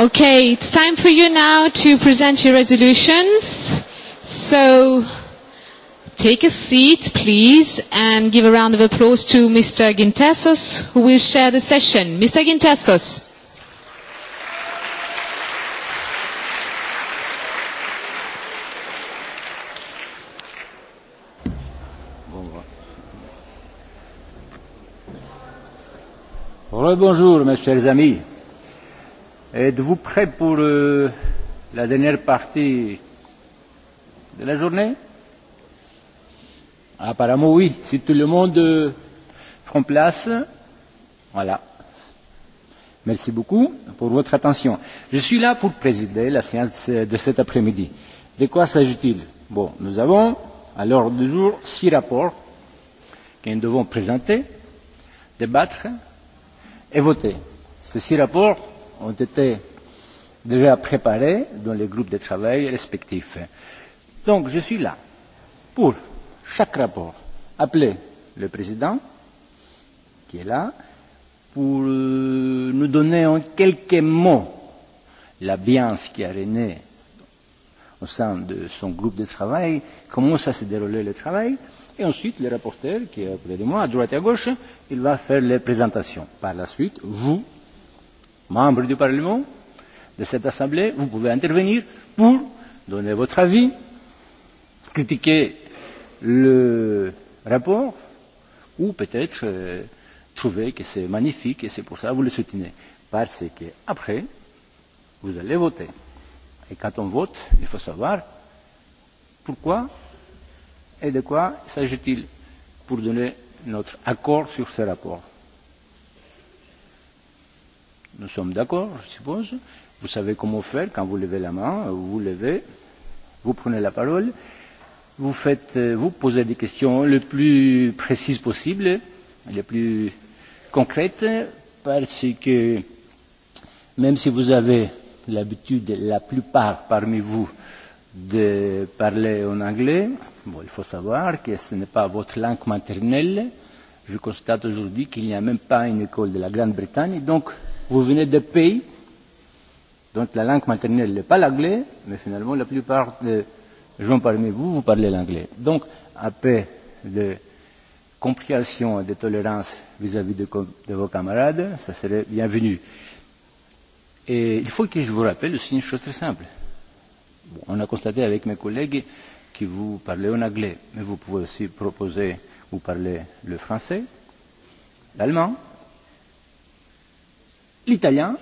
Okay, it's time for you now to present your resolutions. So take a seat, please, and give a round of applause to Mr. Gintasos, who will share the session. Mr. Gintasos. Bonjour, mes chers amis. Êtes-vous prêt pour euh, la dernière partie de la journée Apparemment oui, si tout le monde euh, prend place. Voilà. Merci beaucoup pour votre attention. Je suis là pour présider la séance euh, de cet après-midi. De quoi s'agit-il Bon, nous avons à l'ordre du jour six rapports que nous devons présenter, débattre et voter. Ces six rapports ont été déjà préparés dans les groupes de travail respectifs. Donc, je suis là pour chaque rapport appeler le président, qui est là, pour nous donner en quelques mots la l'ambiance qui a régné au sein de son groupe de travail, comment ça s'est déroulé le travail, et ensuite le rapporteur, qui est auprès de moi, à droite et à gauche, il va faire les présentations. Par la suite, vous, membre du Parlement, de cette Assemblée, vous pouvez intervenir pour donner votre avis, critiquer le rapport, ou peut-être euh, trouver que c'est magnifique et c'est pour ça que vous le soutenez. Parce que après, vous allez voter. Et quand on vote, il faut savoir pourquoi et de quoi s'agit-il pour donner notre accord sur ce rapport. Nous sommes d'accord, je suppose. Vous savez comment faire quand vous levez la main, vous vous levez, vous prenez la parole, vous, faites, euh, vous posez des questions le plus précises possible, les plus concrètes, parce que même si vous avez l'habitude, la plupart parmi vous, de parler en anglais, bon, il faut savoir que ce n'est pas votre langue maternelle. Je constate aujourd'hui qu'il n'y a même pas une école de la Grande-Bretagne, donc vous venez de pays dont la langue maternelle n'est pas l'anglais, mais finalement la plupart des gens parmi vous, vous parlez l'anglais. Donc, un peu de compréhension et de tolérance vis-à-vis -vis de, de vos camarades, ça serait bienvenu. Et il faut que je vous rappelle aussi une chose très simple. Bon, on a constaté avec mes collègues que vous parlez en anglais, mais vous pouvez aussi proposer, vous parlez le français, l'allemand, l'italien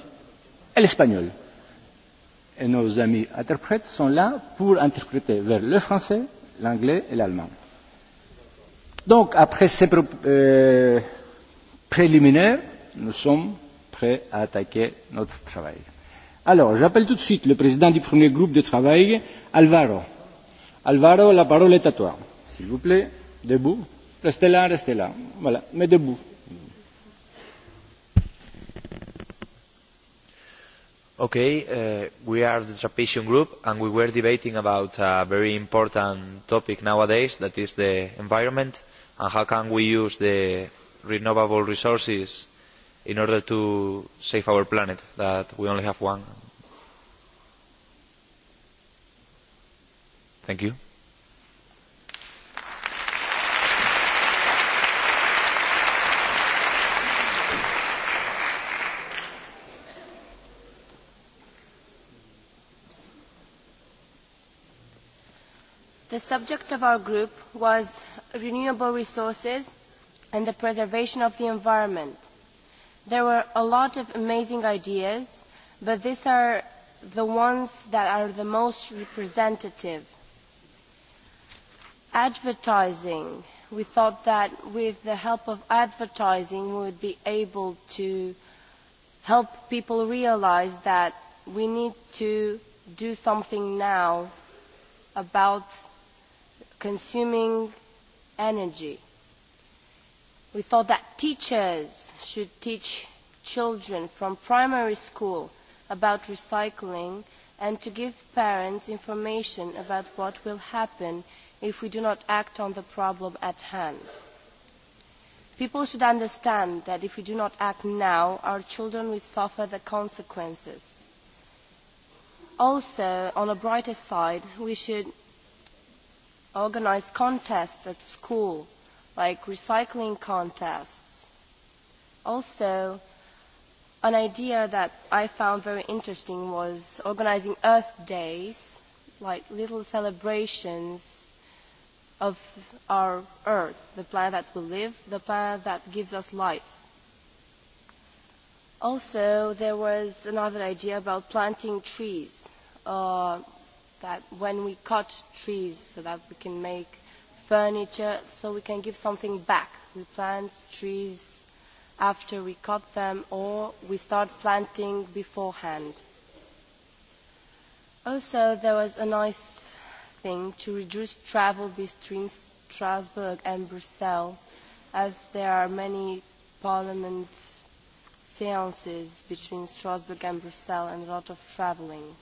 et l'espagnol. Et nos amis interprètes sont là pour interpréter vers le français, l'anglais et l'allemand. Donc, après ces euh, préliminaires, nous sommes prêts à attaquer notre travail. Alors, j'appelle tout de suite le président du premier groupe de travail, Alvaro. Alvaro, la parole est à toi. S'il vous plaît, debout. Restez là, restez là. Voilà, mais debout. Okay, uh, we are the Trapezium Group and we were debating about a very important topic nowadays that is the environment and how can we use the renewable resources in order to save our planet that we only have one. Thank you. the subject of our group was renewable resources and the preservation of the environment. There were a lot of amazing ideas, but these are the ones that are the most representative. Advertising. We thought that with the help of advertising we would be able to help people realise that we need to do something now about consuming energy. We thought that teachers should teach children from primary school about recycling and to give parents information about what will happen if we do not act on the problem at hand. People should understand that if we do not act now, our children will suffer the consequences. Also, on a brighter side, we should organise contests at school, like recycling contests. Also, an idea that I found very interesting was organising Earth Days, like little celebrations of our Earth, the planet that we live, the planet that gives us life. Also, there was another idea about planting trees. Uh, that when we cut trees so that we can make furniture, so we can give something back. We plant trees after we cut them or we start planting beforehand. Also, there was a nice thing to reduce travel between Strasbourg and Brussels, as there are many parliament seances between Strasbourg and Brussels and a lot of travelling.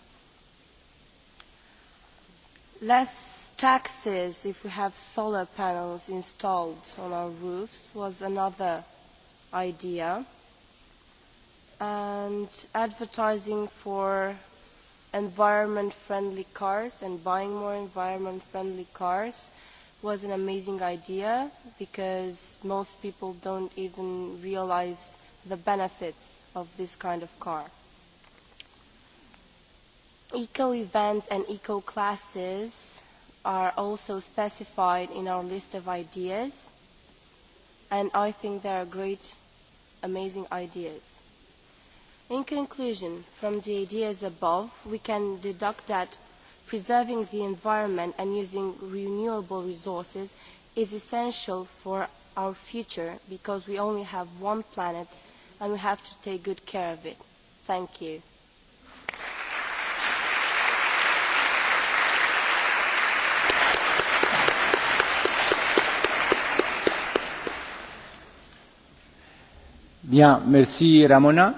Less taxes if we have solar panels installed on our roofs was another idea. And advertising for environment-friendly cars and buying more environment-friendly cars was an amazing idea because most people don't even realize the benefits of this kind of car. Eco events and eco classes are also specified in our list of ideas, and I think they are great, amazing ideas. In conclusion, from the ideas above, we can deduct that preserving the environment and using renewable resources is essential for our future because we only have one planet and we have to take good care of it. Thank you. Bien, merci Ramona.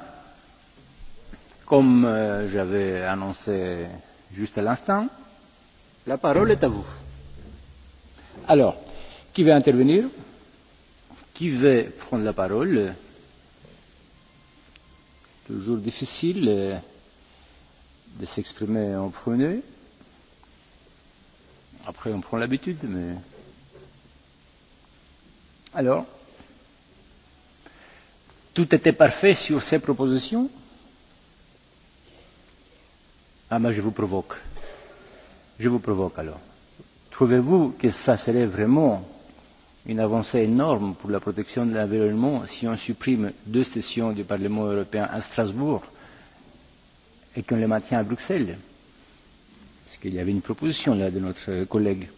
Comme euh, j'avais annoncé juste à l'instant, la parole est à vous. Alors, qui veut intervenir Qui veut prendre la parole Toujours difficile euh, de s'exprimer en premier. Après, on prend l'habitude, mais. Alors tout était parfait sur ces propositions Ah, mais je vous provoque. Je vous provoque alors. Trouvez-vous que ça serait vraiment une avancée énorme pour la protection de l'environnement si on supprime deux sessions du Parlement européen à Strasbourg et qu'on les maintient à Bruxelles Parce qu'il y avait une proposition là de notre collègue.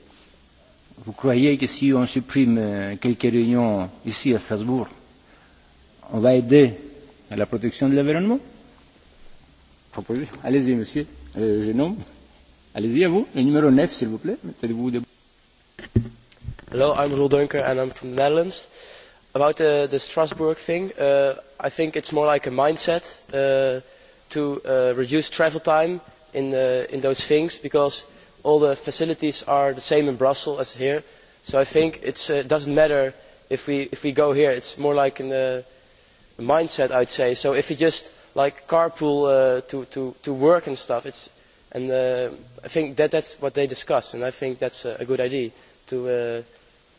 Vous croyez que si on supprime euh, quelques réunions ici à Strasbourg, on va aider à la protection de l'environnement Allez-y, monsieur, euh, jeune homme. Allez-y, à vous. Le numéro 9, s'il vous plaît. Mettez-vous debout. Hello, I'm Roel Dunker and I'm from the Netherlands. About uh, the Strasbourg thing, uh, I think it's more like a mindset uh, to uh, reduce travel time in, uh, in those things because all the facilities are the same in Brussels as here. So I think it uh, doesn't matter if we, if we go here. It's more like in the mindset, I'd say. So if you just like carpool uh, to, to, to work and stuff, it's, and uh, I think that that's what they discuss and I think that's a, a good idea to, uh,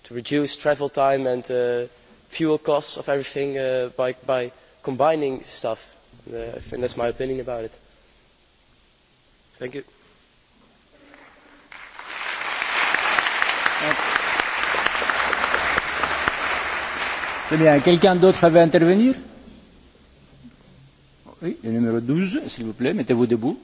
to reduce travel time and uh, fuel costs of everything uh, by, by combining stuff. Uh, think that's my opinion about it. Thank you. Quelqu'un d'autre avait intervenir Oui, le numéro 12, s'il vous plaît, mettez-vous debout.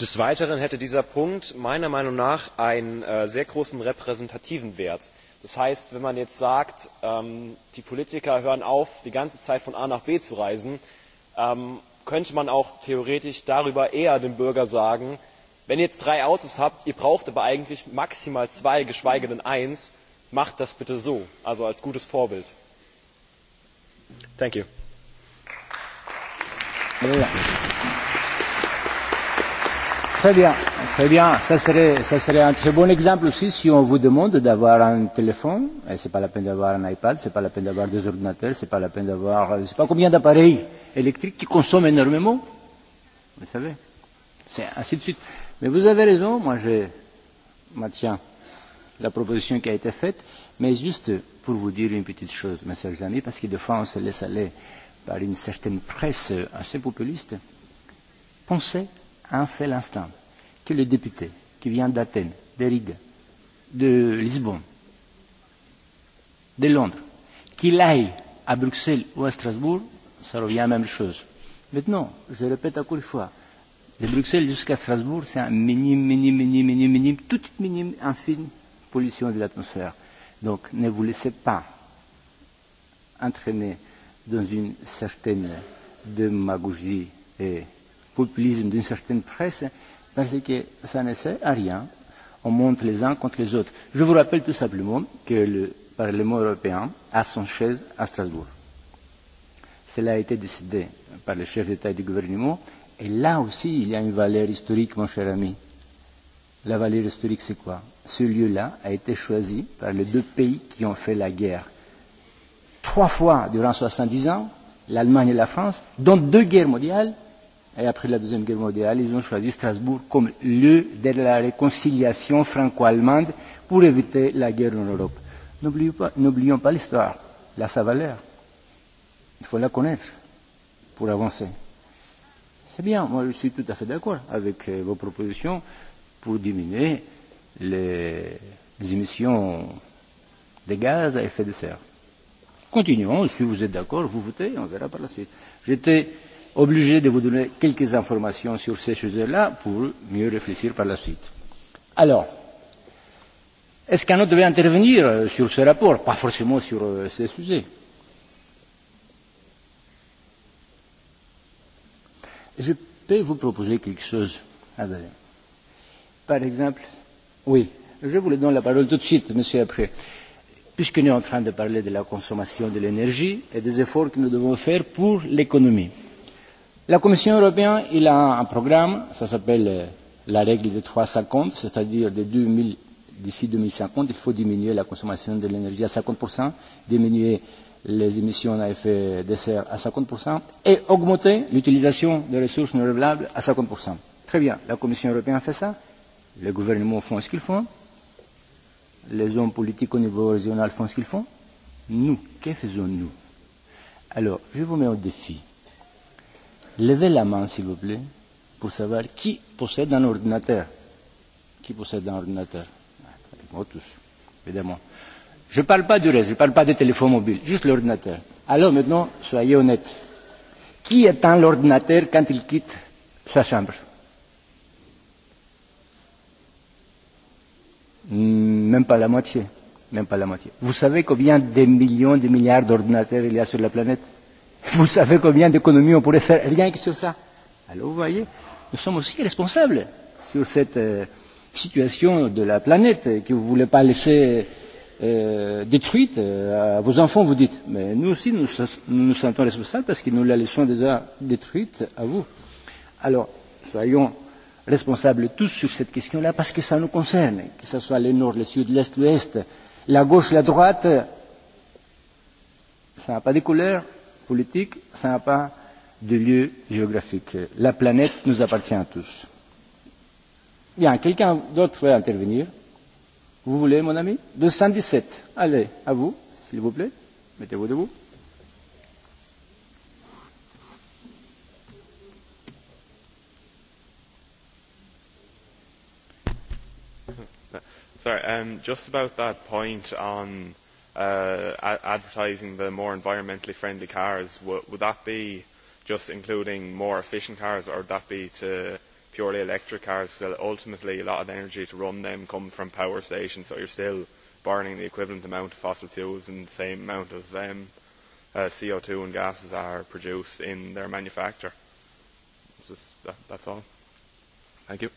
Des Weiteren hätte dieser Punkt meiner Meinung nach einen äh, sehr großen repräsentativen Wert. Das heißt, wenn man jetzt sagt, ähm, die Politiker hören auf, die ganze Zeit von A nach B zu reisen, ähm, könnte man auch theoretisch darüber eher dem Bürger sagen, wenn ihr jetzt drei Autos habt, ihr braucht aber eigentlich maximal zwei, geschweige denn eins, macht das bitte so, also als gutes Vorbild. Thank you. Très bien, très bien. Ça serait, ça serait un très bon exemple aussi si on vous demande d'avoir un téléphone. Et eh, c'est pas la peine d'avoir un iPad, c'est pas la peine d'avoir des ordinateurs, c'est pas la peine d'avoir, euh, je sais pas combien d'appareils électriques qui consomment énormément. Vous savez, c'est ainsi de suite. Mais vous avez raison. Moi, je maintiens la proposition qui a été faite, mais juste pour vous dire une petite chose, mes chers amis, parce que des fois on se laisse aller par une certaine presse assez populiste, pensez un seul instant que le député qui vient d'Athènes, de Riga, de Lisbonne, de Londres, qu'il aille à Bruxelles ou à Strasbourg, ça revient à la même chose. Maintenant, je répète encore une fois, de Bruxelles jusqu'à Strasbourg, c'est un minime, minime, minime, minime, minime, toute minime, infime pollution de l'atmosphère. Donc, ne vous laissez pas entraîner euh, dans une certaine démagogie et populisme d'une certaine presse, parce que ça ne sert à rien. On monte les uns contre les autres. Je vous rappelle tout simplement que le Parlement européen a son chaise à Strasbourg. Cela a été décidé par le chef d'État et du gouvernement. Et là aussi, il y a une valeur historique, mon cher ami. La valeur historique, c'est quoi Ce lieu-là a été choisi par les deux pays qui ont fait la guerre trois fois durant 70 ans, l'Allemagne et la France, dans deux guerres mondiales. Et après la Deuxième Guerre mondiale, ils ont choisi Strasbourg comme lieu de la réconciliation franco-allemande pour éviter la guerre en Europe. N'oublions pas, l'histoire, elle a sa valeur. Il faut la connaître pour avancer. C'est bien, moi je suis tout à fait d'accord avec euh, vos propositions pour diminuer les, les émissions de gaz à effet de serre Continuons, si vous êtes d'accord, vous votez, on verra par la suite. J'étais obligé de vous donner quelques informations sur ces choses là pour mieux réfléchir par la suite. Alors, est-ce qu'un autre devait intervenir euh, sur ce rapport Pas forcément sur euh, ces sujets. Je peux vous proposer quelque chose. Ah ben, par exemple, oui, je vous le donne la parole tout de suite, monsieur après. Euh, puisque nous sommes en train de parler de la consommation de l'énergie et des efforts que nous devons faire pour l'économie. La Commission européenne il a un programme, ça s'appelle euh, la règle de 350, c'est-à-dire de 2000, d'ici 2050, il faut diminuer la consommation de l'énergie à 50%, diminuer les émissions à effet de serre à 50% et augmenter l'utilisation des ressources renouvelables à 50%. Très bien, la Commission européenne fait ça, les gouvernements font ce qu'ils font, les hommes politiques au niveau régional font ce qu'ils font Nous, que faisons-nous Alors, je vous mets au défi. Levez la main, s'il vous plaît, pour savoir qui possède un ordinateur. Qui possède un ordinateur Moi, tous, évidemment. Je ne parle pas du reste, je ne parle pas des téléphones mobiles, juste l'ordinateur. Alors maintenant, soyez honnêtes. Qui éteint l'ordinateur quand il quitte sa chambre Même pas la moitié. Même pas la moitié. Vous savez combien de millions, de milliards d'ordinateurs il y a sur la planète Vous savez combien d'économies on pourrait faire rien que sur ça Alors vous voyez, nous sommes aussi responsables sur cette euh, situation de la planète que vous ne voulez pas laisser euh, détruite euh, à vos enfants, vous dites. Mais nous aussi, nous nous, nous sentons responsables parce que nous la laissons déjà détruite à vous. Alors, soyons responsables tous sur cette question-là parce que ça nous concerne, que ce soit le nord, le sud, l'est, l'ouest, la gauche, la droite. Ça n'a pas de couleur politique, ça n'a pas de lieu géographique. La planète nous appartient à tous. Bien, quelqu'un d'autre veut intervenir Vous voulez, mon ami 217. Allez, à vous, s'il vous plaît. Mettez-vous debout. Um, just about that point on uh, advertising the more environmentally friendly cars, would that be just including more efficient cars, or would that be to purely electric cars? So ultimately, a lot of the energy to run them comes from power stations, so you're still burning the equivalent amount of fossil fuels and the same amount of um, uh, CO2 and gases are produced in their manufacture. It's just that, that's all. Thank you.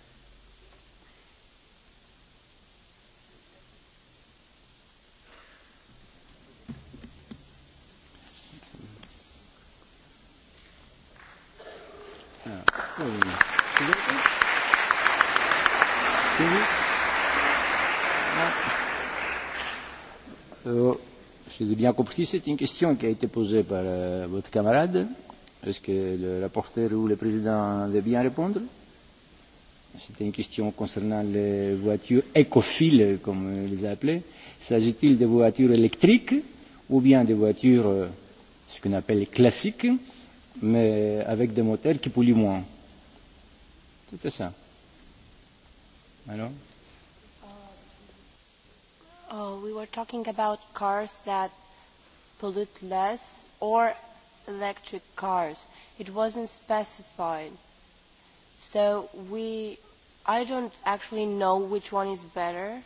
si j'ai bien compris, c'est une question qui a été posée par euh, votre camarade. Est-ce que le rapporteur ou le président veut bien répondre C'était une question concernant les voitures écophiles, comme on les a appelées. S'agit-il de voitures électriques ou bien des voitures, euh, ce qu'on appelle classiques, mais avec des moteurs qui polluent moins C'était ça. Alors Uh, we were talking about cars that pollute less or electric cars. It wasn't specified. So we, I don't actually know which one is better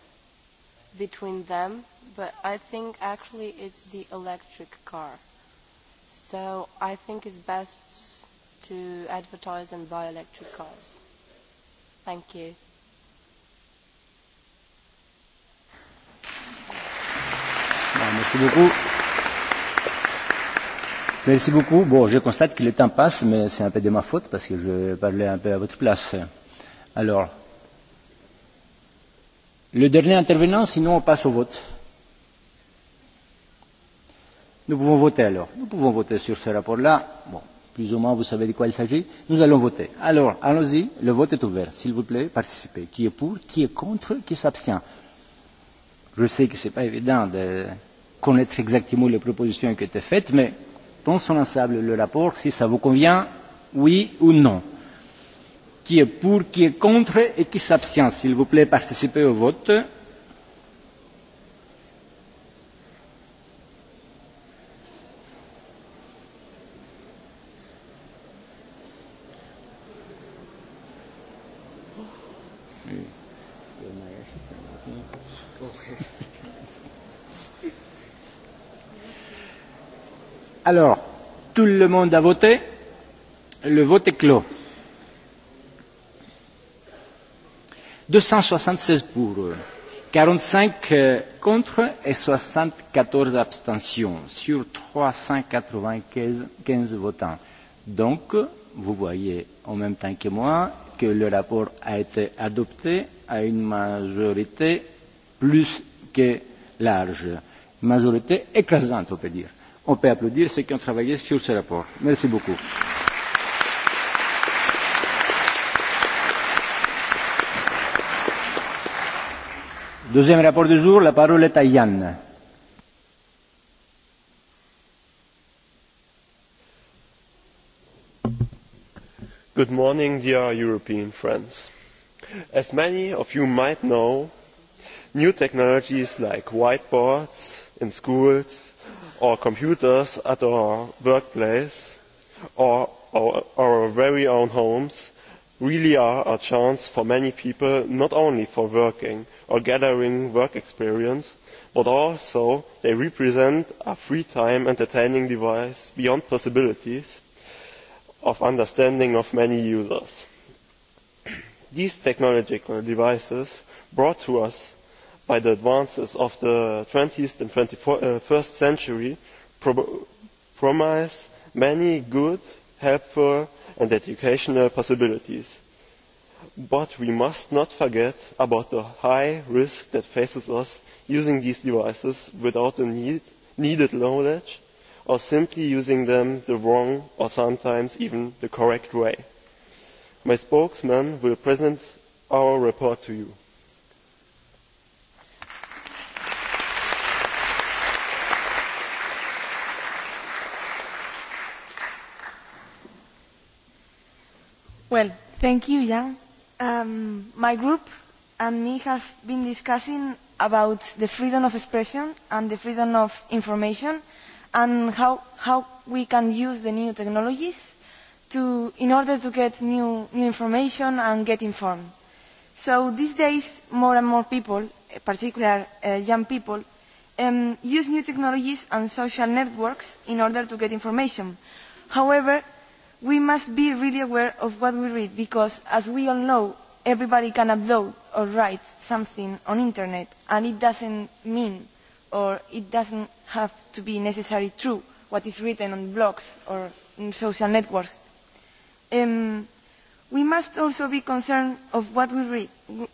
between them, but I think actually it's the electric car. So I think it's best to advertise and buy electric cars. Thank you. Ah, merci beaucoup. Merci beaucoup. Bon, je constate que le temps passe, mais c'est un peu de ma faute parce que je parlais un peu à votre place. Alors, le dernier intervenant, sinon on passe au vote. Nous pouvons voter alors. Nous pouvons voter sur ce rapport-là. Bon, plus ou moins vous savez de quoi il s'agit. Nous allons voter. Alors, allons-y. Le vote est ouvert. S'il vous plaît, participez. Qui est pour Qui est contre Qui s'abstient Je sais que ce n'est pas évident de connaître exactement les propositions qui étaient faites, mais dans son ensemble, le rapport, si ça vous convient, oui ou non. Qui est pour, qui est contre et qui s'abstient S'il vous plaît, participez au vote. Alors, tout le monde a voté Le vote est clos. 276 pour, 45 euh, contre et 74 abstentions sur 395 votants. Donc, vous voyez en même temps que moi que le rapport a été adopté à une majorité plus que large, majorité écrasante, on peut dire. On peut applaudir ceux qui ont travaillé sur ce rapport. Merci beaucoup. Deuxième rapport du jour, la parole est à Yann. Good morning, dear European friends. As many of you might know, new technologies like whiteboards in schools or computers at our workplace or our, our very own homes really are a chance for many people not only for working or gathering work experience but also they represent a free time entertaining device beyond possibilities of understanding of many users. these technological devices brought to us by the advances of the 20th and 21st uh, century, promise many good helpful and educational possibilities but we must not forget about the high risk that faces us using these devices without the needed knowledge or simply using them the wrong or sometimes even the correct way. my spokesman will present our report to you. Thank you, Jan. Um, my group and me have been discussing about the freedom of expression and the freedom of information and how, how we can use the new technologies to, in order to get new, new information and get informed. So these days, more and more people, eh, particularly uh, eh, young people, um, use new technologies and social networks in order to get information. However, we must be really aware of what we read because as we all know everybody can upload or write something on the internet and it does not mean or it does not have to be necessarily true what is written on blogs or in social networks. Um, we must also be concerned of what we read,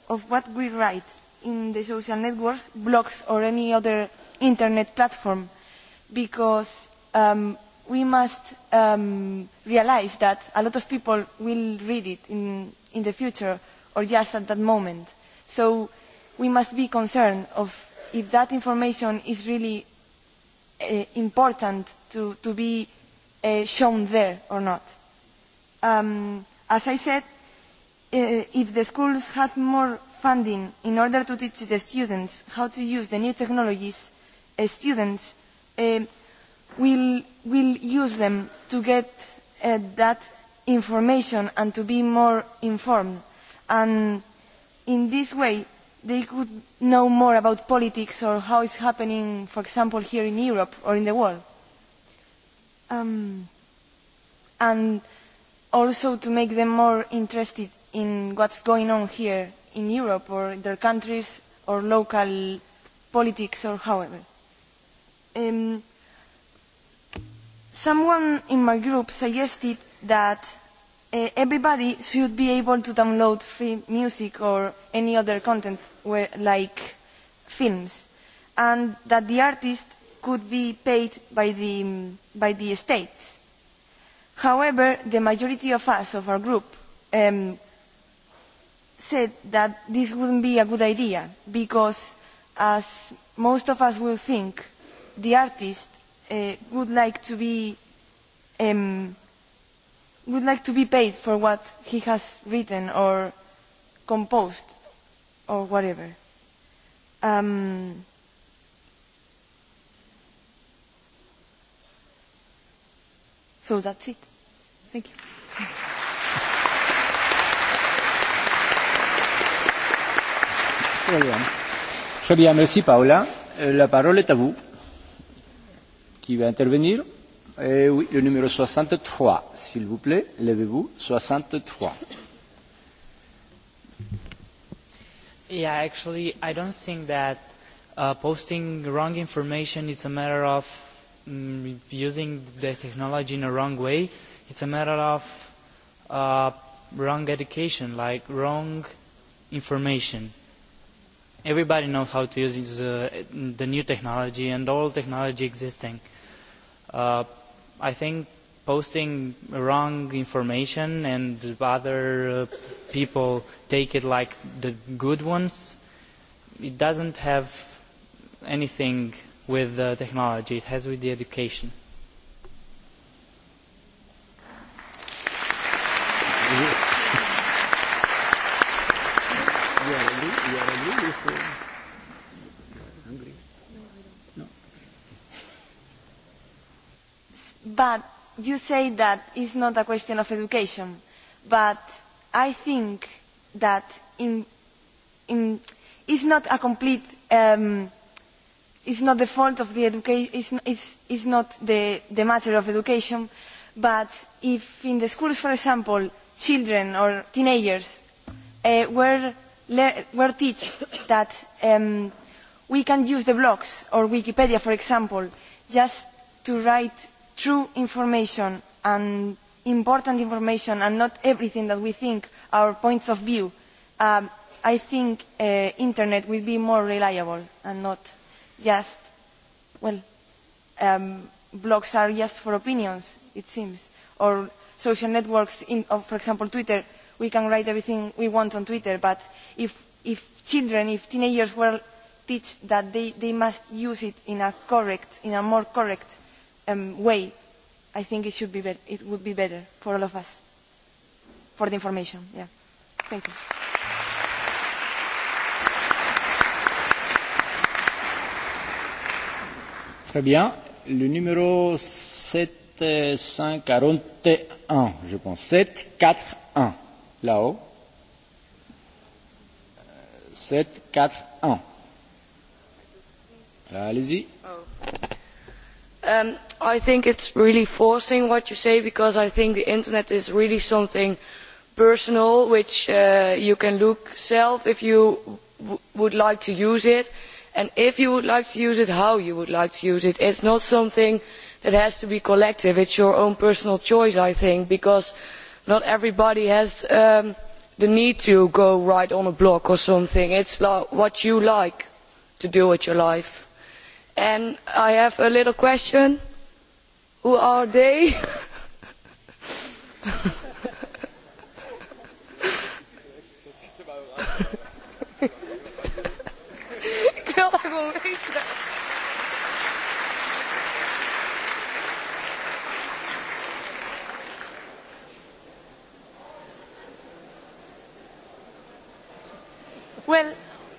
of what we write in the social networks, blogs or any other internet platform because um, we must um, realise that a lot of people will read it in, in the future or just at that moment. So we must be concerned of if that information is really uh, important to, to be uh, shown there or not. Um, as I said, uh, if the schools had more funding in order to teach the students how to use the new technologies, uh, students uh, will will use them to get uh, that information and to be more informed. And in this way, they could know more about politics or how it's happening, for example, here in Europe or in the world. Um, and also to make them more interested in what's going on here in Europe or in their countries or local politics or however. Um, someone in my group suggested that uh, everybody should be able to download free music or any other content where, like films and that the artist could be paid by the, by the state. However, the majority of us, of our group, um, said that this wouldn't be a good idea because, as most of us will think, the artist Uh, would like to be um, would like to be paid for what he has written or composed or whatever. Um, so that's it. Thank you. Très bien. Très bien, merci Paola. Euh, la parole est à vous qui veut intervenir Eh oui, le numéro 63, s'il vous plaît, levez-vous, 63. Yeah, actually, I don't think that uh, posting wrong information is a matter of um, using the technology in a wrong way. It's a matter of uh, wrong education, like wrong information. Everybody knows how to use the, uh, the new technology and all technology existing Uh, I think posting wrong information and other uh, people take it like the good ones, it doesn't have anything with technology. It has with the education. but you say that it's not a question of education but i think that in, in, it's not a complete um, it's not the fault of the education it's, it's, not the, the matter of education but if in the schools for example children or teenagers uh, were, were taught that um, we can use the blogs or wikipedia for example just to write true information and important information and not everything that we think our points of view um, i think the uh, internet will be more reliable and not just well um, blogs are just for opinions it seems or social networks in, for example twitter we can write everything we want on twitter but if, if children if teenagers were taught that they, they must use it in a correct in a more correct Um, way, I think it, should be be it would be better for all of us, for the information. Yeah. Thank you. Très bien. Le numéro 741, je pense. 741, là-haut. 741. Euh, allez-y. Oh. Um, i think it is really forcing what you say because i think the internet is really something personal which uh, you can look self if you would like to use it and if you would like to use it how you would like to use it. it is not something that has to be collective it is your own personal choice i think because not everybody has um, the need to go write on a blog or something it is what you like to do with your life and I have a little question. Who are they? Well,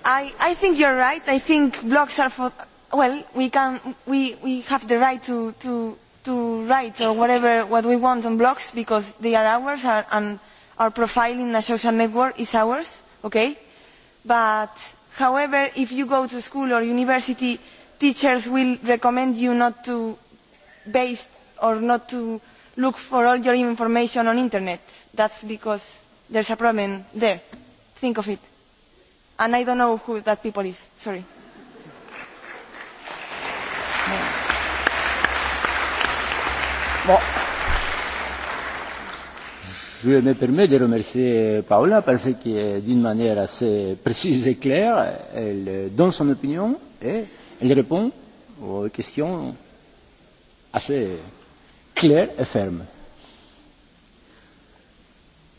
I, I think you're right. I think blogs are for well, we, can, we, we have the right to, to, to write or whatever what we want on blogs because they are ours and our profile in a social network is ours, okay? But however, if you go to school or university, teachers will recommend you not to base or not to look for all your information on internet. That's because there's a problem there. Think of it. And I don't know who that people is. Sorry. Je me permets de remercier Paola parce que d'une manière assez précise et claire, elle donne son opinion et elle répond aux questions assez claires et fermes.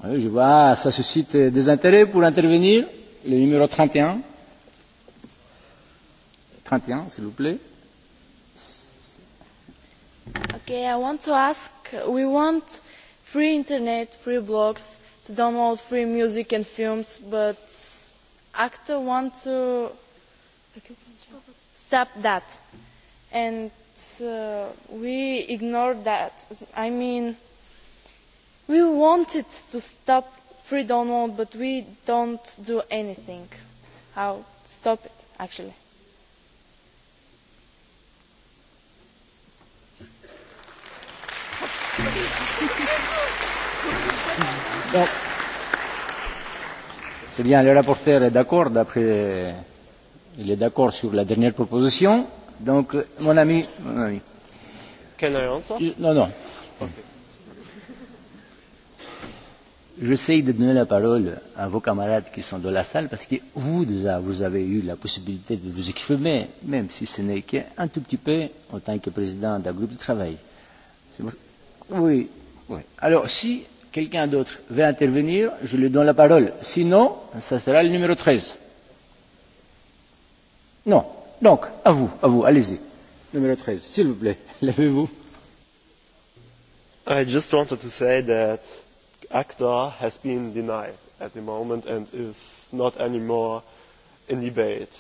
Je vois, ça suscite des intérêts pour intervenir. Le numéro 31. 31, s'il vous plaît. Okay, I want to ask, we want free internet, free blogs, to download free music and films, but actor want to stop that. And uh, we ignore that. I mean, we wanted to stop free download, but we don't do anything. How stop it, actually? C'est bien, le rapporteur est d'accord d'après il est d'accord sur la dernière proposition. Donc mon ami, mon ami. Can I answer? Non non. Okay. J'essaie de donner la parole à vos camarades qui sont dans la salle parce que vous déjà vous avez eu la possibilité de vous exprimer, même si ce n'est qu'un tout petit peu en tant que président d'un groupe de travail. Oui, oui. Alors, si quelqu'un d'autre veut intervenir, je lui donne la parole. Sinon, ça sera le numéro 13. Non. Donc, à vous, à vous, allez-y. Numéro 13, s'il vous plaît, levez-vous. I just wanted to say that ACTA has been denied at the moment and is not anymore in debate.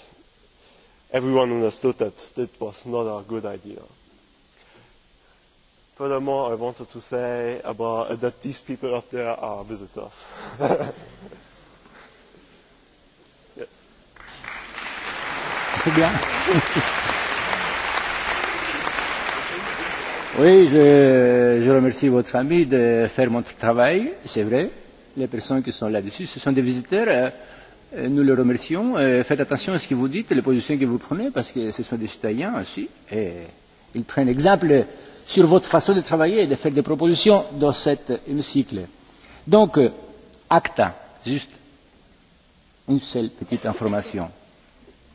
Everyone understood that that was not a good idea. Furthermore, I wanted to say about uh, that these people up there are visitors. yes. bien. Oui, je, je remercie votre famille de faire mon travail, c'est vrai. Les personnes qui sont là-dessus, ce sont des visiteurs. Euh, euh, nous les remercions. Euh, faites attention à ce que vous dites, les positions que vous prenez, parce que ce sont des citoyens aussi. Et ils prennent exemple sur votre façon de travailler et de faire des propositions dans cet hémicycle. Donc, acta, juste une seule petite information.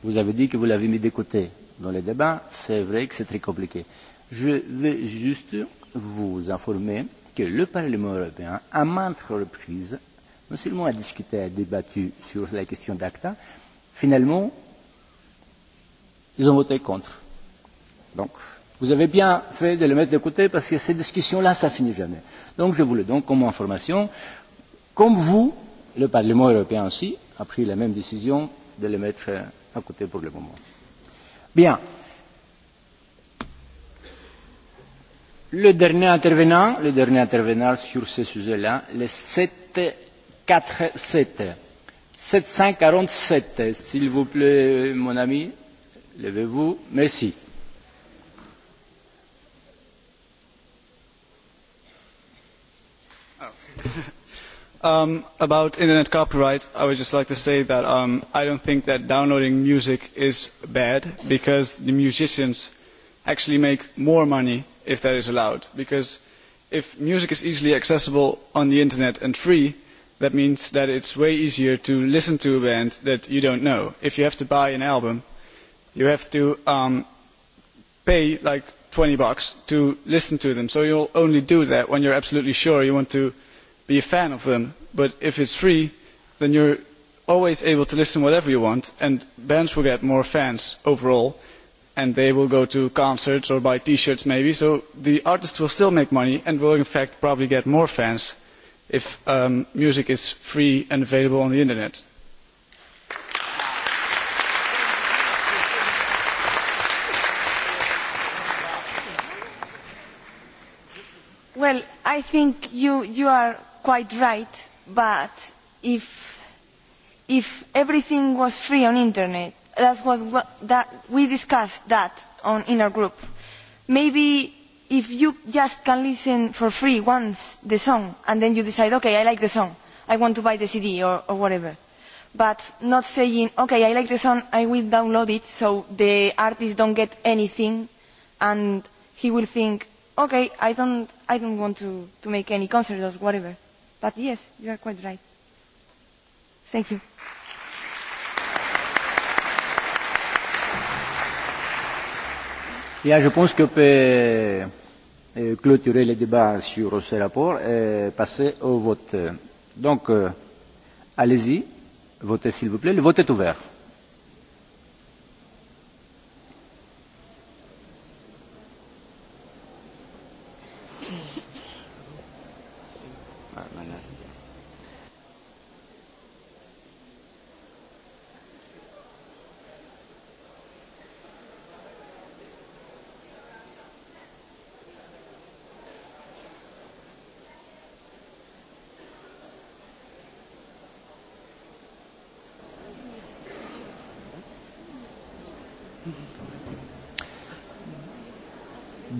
Vous avez dit que vous l'avez mis de côté dans les débats. C'est vrai que c'est très compliqué. Je vais juste vous informer que le Parlement européen, à maintes reprises, non seulement a discuté, a débattu sur la question d'ACTA, finalement, ils ont voté contre. Donc, Vous avez bien fait de le mettre de côté parce que ces discussions-là, ça finit jamais. Donc je voulais donc, comme information. Comme vous, le Parlement européen aussi a pris la même décision de le mettre euh, à côté pour le moment. Bien. Le dernier intervenant, le dernier intervenant sur ce sujet-là, le 747. 747, s'il vous plaît, mon ami, levez-vous. Merci. Um, about internet copyright, I would just like to say that um, I don't think that downloading music is bad because the musicians actually make more money if that is allowed. Because if music is easily accessible on the internet and free, that means that it's way easier to listen to a band that you don't know. If you have to buy an album, you have to um, pay like 20 bucks to listen to them. So you'll only do that when you're absolutely sure you want to be a fan of them but if it is free then you are always able to listen to whatever you want and bands will get more fans overall and they will go to concerts or buy t shirts maybe so the artist will still make money and will in fact probably get more fans if um, music is free and available on the internet. Well, I think you, you are quite right, but if, if everything was free on internet, that was what that we discussed that on, in our group. Maybe if you just can listen for free once the song, and then you decide, okay, I like the song, I want to buy the CD or, or whatever. But not saying, okay, I like the song, I will download it, so the artist don't get anything, and he will think, okay, I don't, I don't want to, to make any concert or whatever. But yes, you are quite right. Thank you. Bien, je pense que peut eh, clôturer le débat sur ce rapport et eh, passer au vote. Donc, eh, allez-y, votez s'il vous plaît. Le vote est ouvert.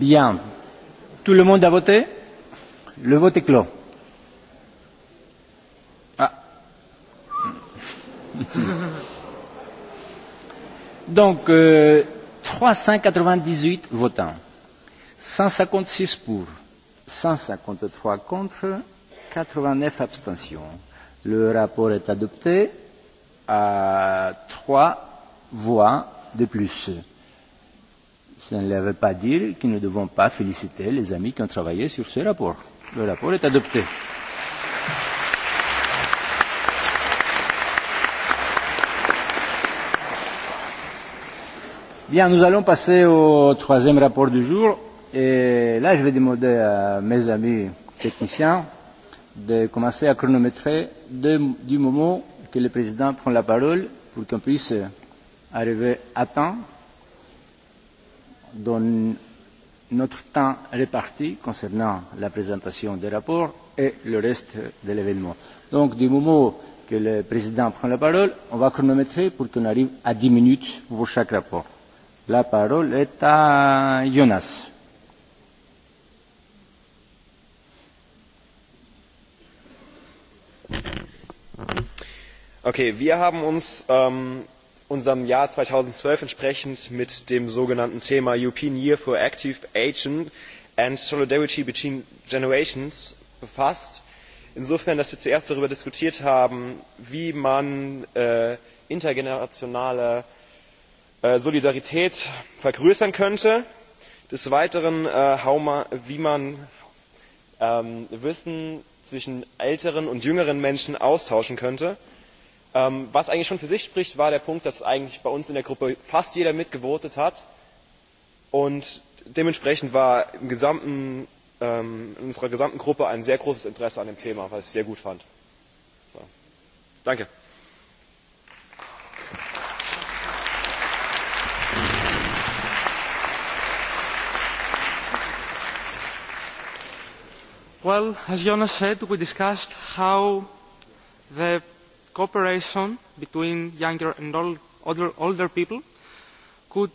Bien. Tout le monde a voté Le vote est clos. Ah. Donc, euh, 398 votants, 156 pour, 153 contre, 89 abstentions. Le rapport est adopté à trois voix de plus. Ça ne veut pas dire que nous ne devons pas féliciter les amis qui ont travaillé sur ce rapport. Le rapport est adopté. Bien, nous allons passer au troisième rapport du jour. Et là, je vais demander à mes amis techniciens de commencer à chronométrer de, du moment que le président prend la parole pour qu'on puisse arriver à temps dans notre temps réparti concernant la présentation des rapports et le reste de l'événement. Donc, du moment que le président prend la parole, on va chronométrer pour qu'on arrive à 10 minutes pour chaque rapport. La parole est à Jonas. Okay, wir haben uns ähm, um unserem Jahr 2012 entsprechend mit dem sogenannten Thema European Year for Active Aging and Solidarity Between Generations befasst. Insofern, dass wir zuerst darüber diskutiert haben, wie man äh, intergenerationale äh, Solidarität vergrößern könnte. Des Weiteren, äh, man, wie man ähm, Wissen zwischen älteren und jüngeren Menschen austauschen könnte Ähm, was eigentlich schon für sich spricht war der punkt dass eigentlich bei uns in der gruppe fast jeder mitgevotet hat und dementsprechend war ähm, in unserer gesamten gruppe ein sehr großes interesse an dem thema was ich sehr gut fand. danke! as jonas said we discussed how the cooperation between younger and older, older people could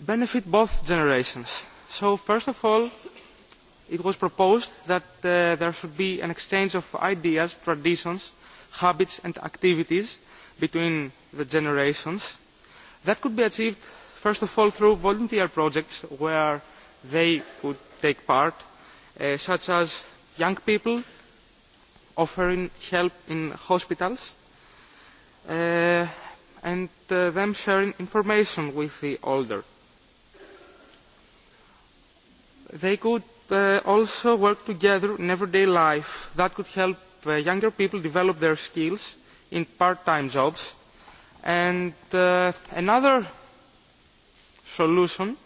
benefit both generations. So first of all, it was proposed that uh, there should be an exchange of ideas, traditions, habits and activities between the generations. That could be achieved first of all through volunteer projects where they could take part, uh, such as young people offering help in hospitals, uh, and uh, them sharing information with the older. They could uh, also work together in everyday life. That could help uh, younger people develop their skills in part-time jobs. And uh, another solution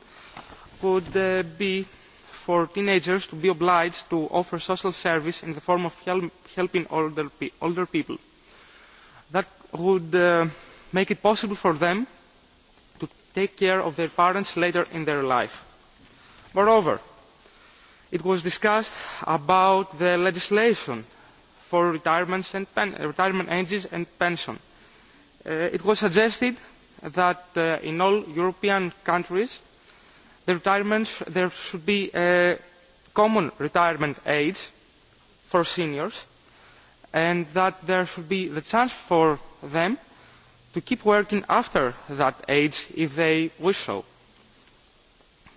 could uh, be for teenagers to be obliged to offer social service in the form of help, helping older, pe older people would uh, make it possible for them to take care of their parents later in their life. moreover it was discussed about the legislation for uh, retirement ages and pension. Uh, it was suggested that in all european countries there should be a common retirement age for seniors and that there should be the chance for them to keep working after that age if they wish so.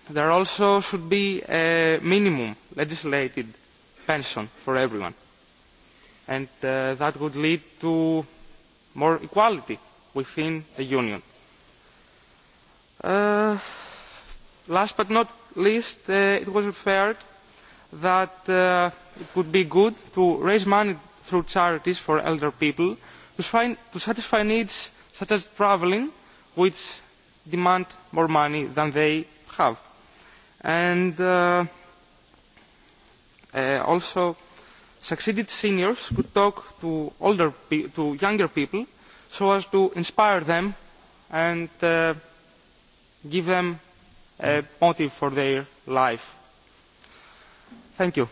There also should be a minimum legislated pension for everyone. And uh, that would lead to more equality within the Union. Uh, last but not least, uh, it was referred that uh, it would be good to raise money through charities for elder people to, satisfy needs such as travelling which demand more money than they have. And uh, uh, also succeeded seniors could talk to, older to younger people so as to inspire them and uh, give them a motive for their life. Thank you.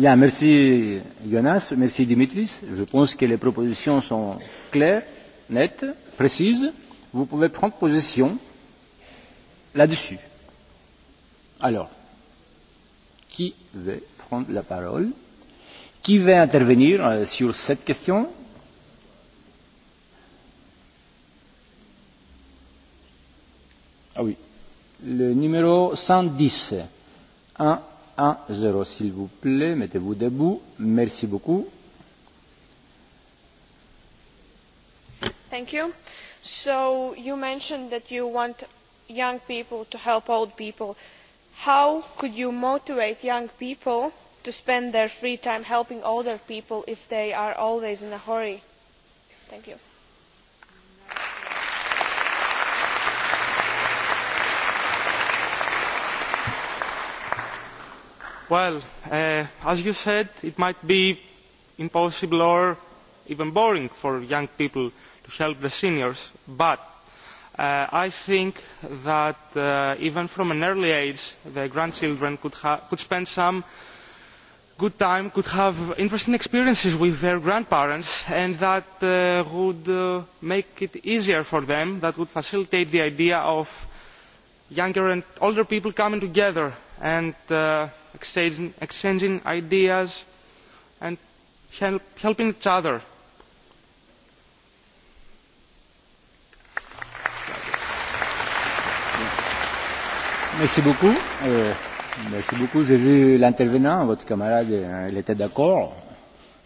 Bien, merci Jonas, merci Dimitris. Je pense que les propositions sont claires, nettes, précises. Vous pouvez prendre position là-dessus. Alors, qui veut prendre la parole Qui veut intervenir euh, sur cette question Ah oui, le numéro 110. 1, 1 0. S'il vous plaît, mettez-vous debout. Merci beaucoup. Thank you. So you mentioned that you want young people to help old people. How could you motivate young people to spend their free time helping older people if they are always in a hurry? Thank you. well, uh, as you said, it might be impossible or even boring for young people to help the seniors, but uh, I think that uh, even from an early age, the grandchildren could, could spend some good time, could have interesting experiences with their grandparents, and that uh, would uh, make it easier for them, that would facilitate the idea of younger and older people coming together and uh, exchanging, ideas and help, helping each other. Merci beaucoup. Euh, merci beaucoup. J'ai vu l'intervenant, votre camarade, euh, il était d'accord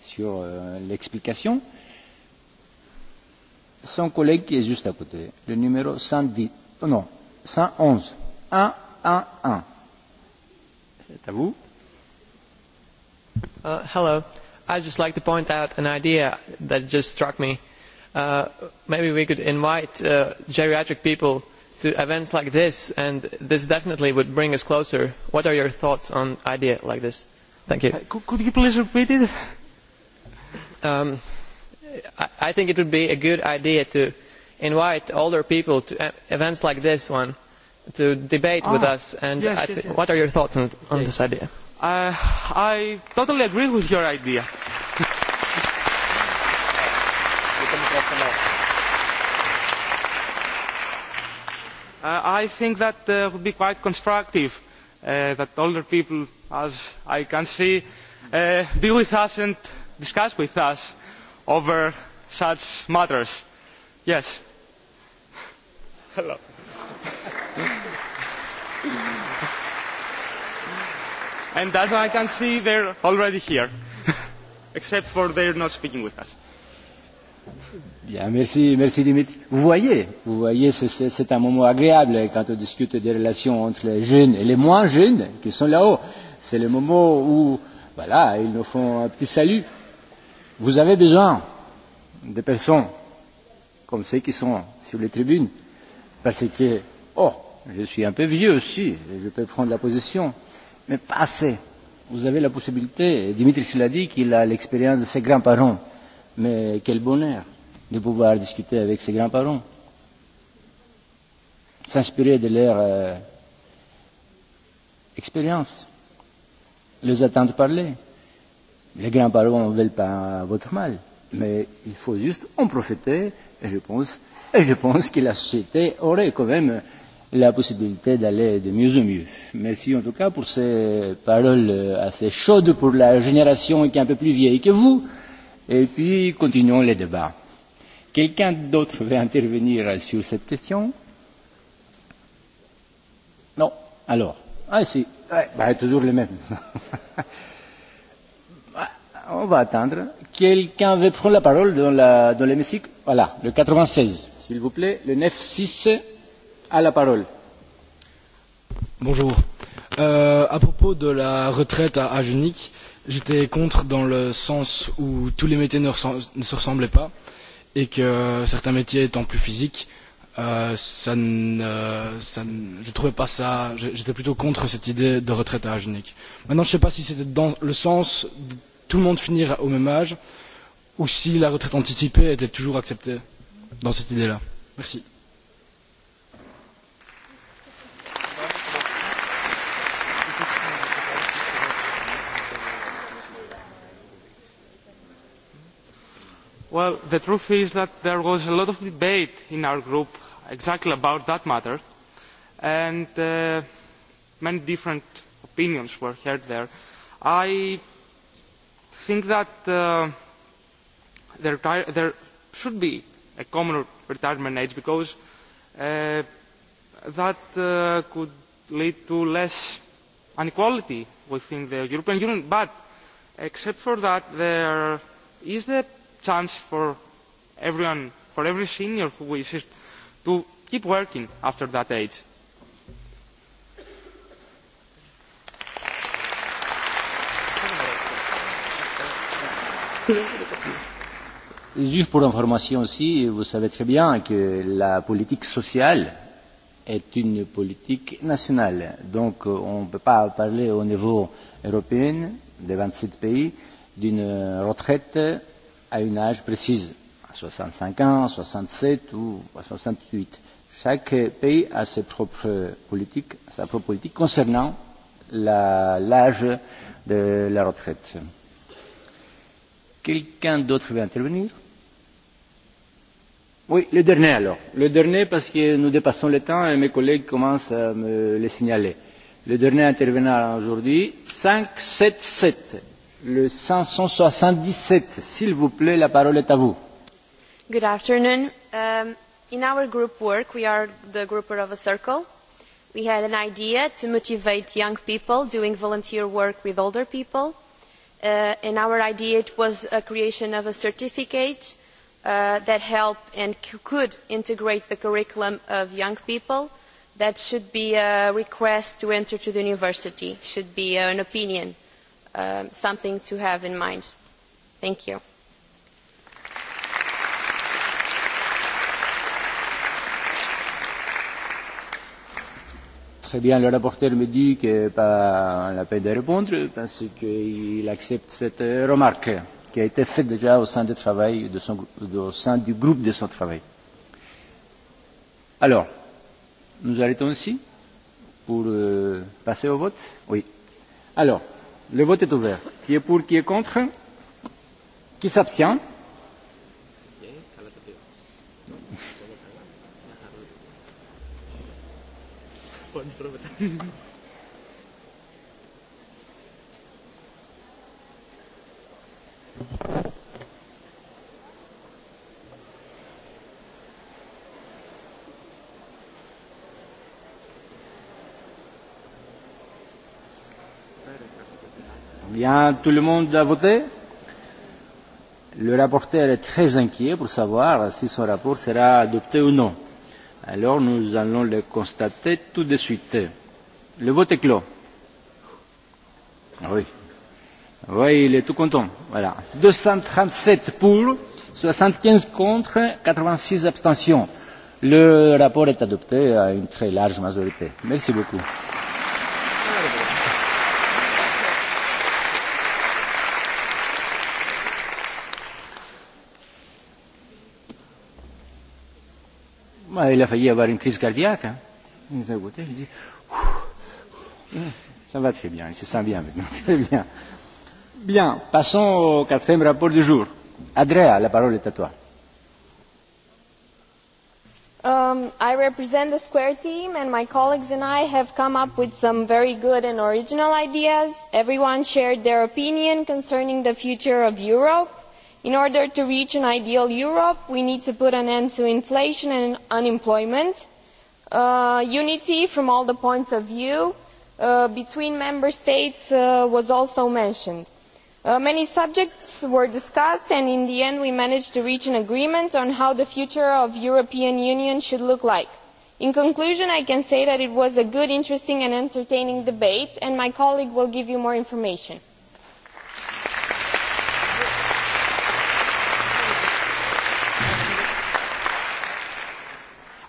sur euh, l'explication. Son collègue qui est juste à côté, le numéro 110, oh non, 111, 111. Uh, hello. I'd just like to point out an idea that just struck me. Uh, maybe we could invite uh, geriatric people to events like this, and this definitely would bring us closer. What are your thoughts on an idea like this? Thank you. Uh, could, you please repeat it? Um, I think it would be a good idea to invite older people to events like this one to debate with ah, us. And yes, yes, yes. what are your thoughts on, on this idea? Uh, I totally agree with your idea. Uh, I think that uh, would be quite constructive uh, that older people, as I can see, uh, be with us and discuss with us over such matters. Yes. Hello and as I can see, they're already here, except for they're not speaking with us. Bien, merci, merci Dimitri. Vous voyez, vous voyez, c'est un moment agréable quand on discute des relations entre les jeunes et les moins jeunes qui sont là-haut. C'est le moment où, voilà, ils nous font un petit salut. Vous avez besoin de personnes comme ceux qui sont sur les tribunes, parce que, oh, je suis un peu vieux aussi, et je peux prendre la position, mais pas assez. Vous avez la possibilité, Dimitri l'a dit, qu'il a l'expérience de ses grands-parents, mais quel bonheur de pouvoir discuter avec ses grands-parents, s'inspirer de leur euh, expérience, les attendre parler. Les grands-parents ne veulent pas votre mal, mais il faut juste en profiter, et je pense, et je pense que la société aurait quand même euh, la possibilité d'aller de mieux en mieux. Merci en tout cas pour ces paroles euh, assez chaudes pour la génération qui est un peu plus vieille que vous. Et puis, continuons les débats. Quelqu'un d'autre veut intervenir sur cette question Non. Alors Ah si, ouais, bah, toujours le même. On va attendre. Quelqu'un veut prendre la parole dans l'hémicycle dans Voilà, le 96. S'il vous plaît, le 9-6. Bonjour. Euh, à propos de la retraite à, à Genic, j'étais contre dans le sens où tous les métiers ne, se ressemblaient pas et que certains métiers étant plus physiques, euh, ça ne, euh, ça ne, je trouvais pas ça. J'étais plutôt contre cette idée de retraite à Genic. Maintenant, je ne sais pas si c'était dans le sens de tout le monde finir au même âge ou si la retraite anticipée était toujours acceptée dans cette idée-là. Merci. Well, the truth is that there was a lot of debate in our group exactly about that matter, and uh, many different opinions were heard there. I think that uh, there, there should be a common retirement age because uh, that uh, could lead to less inequality within the European Union. But except for that, there is the chance for everyone, for every senior who wishes to keep working after that age. Juste pour l'information aussi, vous savez très bien que la politique sociale est une politique nationale. Donc euh, on ne peut pas parler au niveau européen des 27 pays d'une retraite à une âge précise, à 65 ans, 67 ou à 68. Chaque pays a ses propres politiques, sa propre politique concernant l'âge de la retraite. Quelqu'un d'autre veut intervenir Oui, le dernier alors. Le dernier parce que nous dépassons le temps et mes collègues commencent à me le signaler. Le dernier intervenant aujourd'hui, 577 le 577. S'il vous plaît, la parole est à vous. Good afternoon. Um, in our group work, we are the grouper of a circle. We had an idea to motivate young people doing volunteer work with older people. Uh, and our idea it was a creation of a certificate uh, that help and could integrate the curriculum of young people that should be a request to enter to the university, should be an opinion Um, something to have in mind. Thank you. Très bien, le rapporteur me dit que pas la peine de répondre parce qu'il accepte cette euh, remarque qui a été faite déjà au sein, du travail de son, de, au sein du groupe de son travail. Alors, nous arrêtons ici pour euh, passer au vote Oui. Alors, le vote est ouvert. Qui est pour, qui est contre Qui s'abstient Bien, tout le monde a voté Le rapporteur est très inquiet pour savoir si son rapport sera adopté ou non. Alors nous allons le constater tout de suite. Le vote est clos. Oui. Oui, il est tout content. Voilà. 237 pour, 75 contre, 86 abstentions. Le rapport est adopté à une très large majorité. Merci beaucoup. el a făcut avoir une crise cardiaque. Hein. Il est à côté, il dit, ça va très bien, il se sent bien maintenant, très bien. Bien, passons au quatrième rapport du jour. Andrea, la parole est à toi. Um, I represent the Square team, and my colleagues and I have come up with some very good and original ideas. Everyone shared their opinion concerning the future of Europe in order to reach an ideal europe we need to put an end to inflation and unemployment uh, unity from all the points of view uh, between member states uh, was also mentioned. many subjects were discussed and in the end we managed to reach an agreement on how the future of the european union should look like. in conclusion i can say that it was a good interesting and entertaining debate and my colleague will give you more information.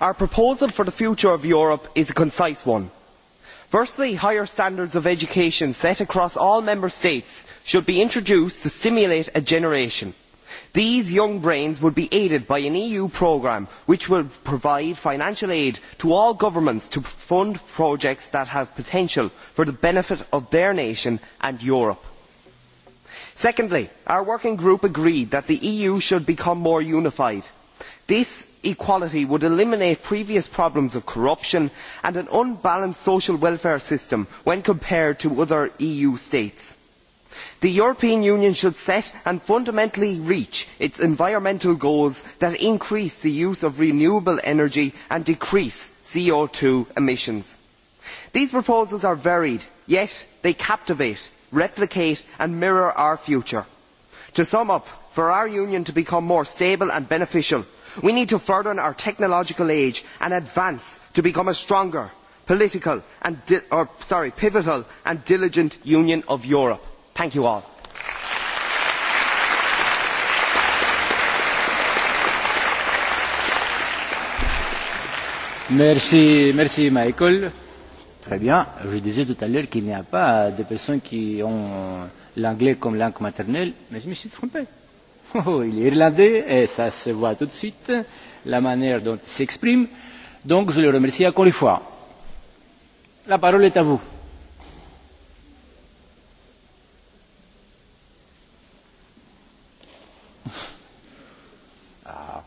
our proposal for the future of europe is a concise one. firstly higher standards of education set across all member states should be introduced to stimulate a generation. these young brains would be aided by an eu programme which will provide financial aid to all governments to fund projects that have potential for the benefit of their nation and europe. secondly our working group agreed that the eu should become more unified this equality would eliminate previous problems of corruption and an unbalanced social welfare system when compared to other eu states. the european union should set and fundamentally reach its environmental goals that increase the use of renewable energy and decrease co two emissions. these proposals are varied yet they captivate replicate and mirror our future. to sum up for our union to become more stable and beneficial we need to further our technological age and advance to become a stronger political and or, sorry, pivotal and diligent union of europe. thank you all. Merci, merci Michael. Très bien. Je disais tout à l'heure qu'il n'y a pas de personnes qui ont l'anglais comme langue maternelle, mais je me suis trompé Oh, il est irlandais et eh, ça se voit tout de suite, la manière dont il s'exprime. Donc je le remercie encore une fois. La parole est à vous. Ah.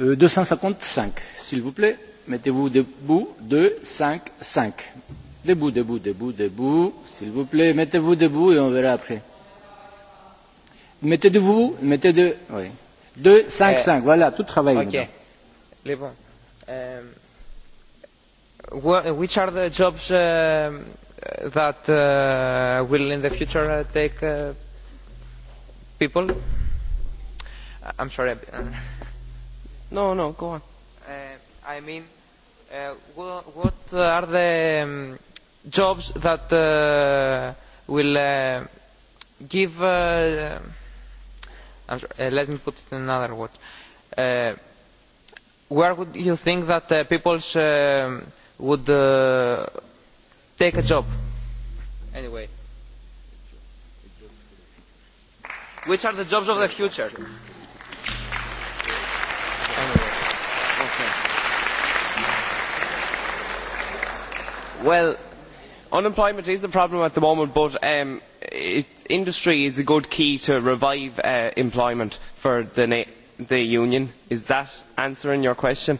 Euh, 255, s'il vous plaît. Mettez-vous debout. 2, 5, 5. Debout, debout, debout, debout. S'il vous plaît, mettez-vous debout et on verra après. Mettez de vous, mettez de... Oui. 2, 5, 5, voilà, tout travaille. Ok, les bons. Um, which are the jobs uh, that uh, will in the future uh, take uh, people? Uh, I'm sorry. Uh, no, no, go on. Uh, I mean, uh, what, what are the um, jobs that uh, will uh, give... Uh, I'm uh, let me put it in another word. Uh, where would you think that uh, people sh uh, would uh, take a job? Anyway. Which are the jobs of the future? Anyway. Okay. Well, unemployment is a problem at the moment, but um, industry is a good key to revive uh, employment for the, union. Is that answering your question?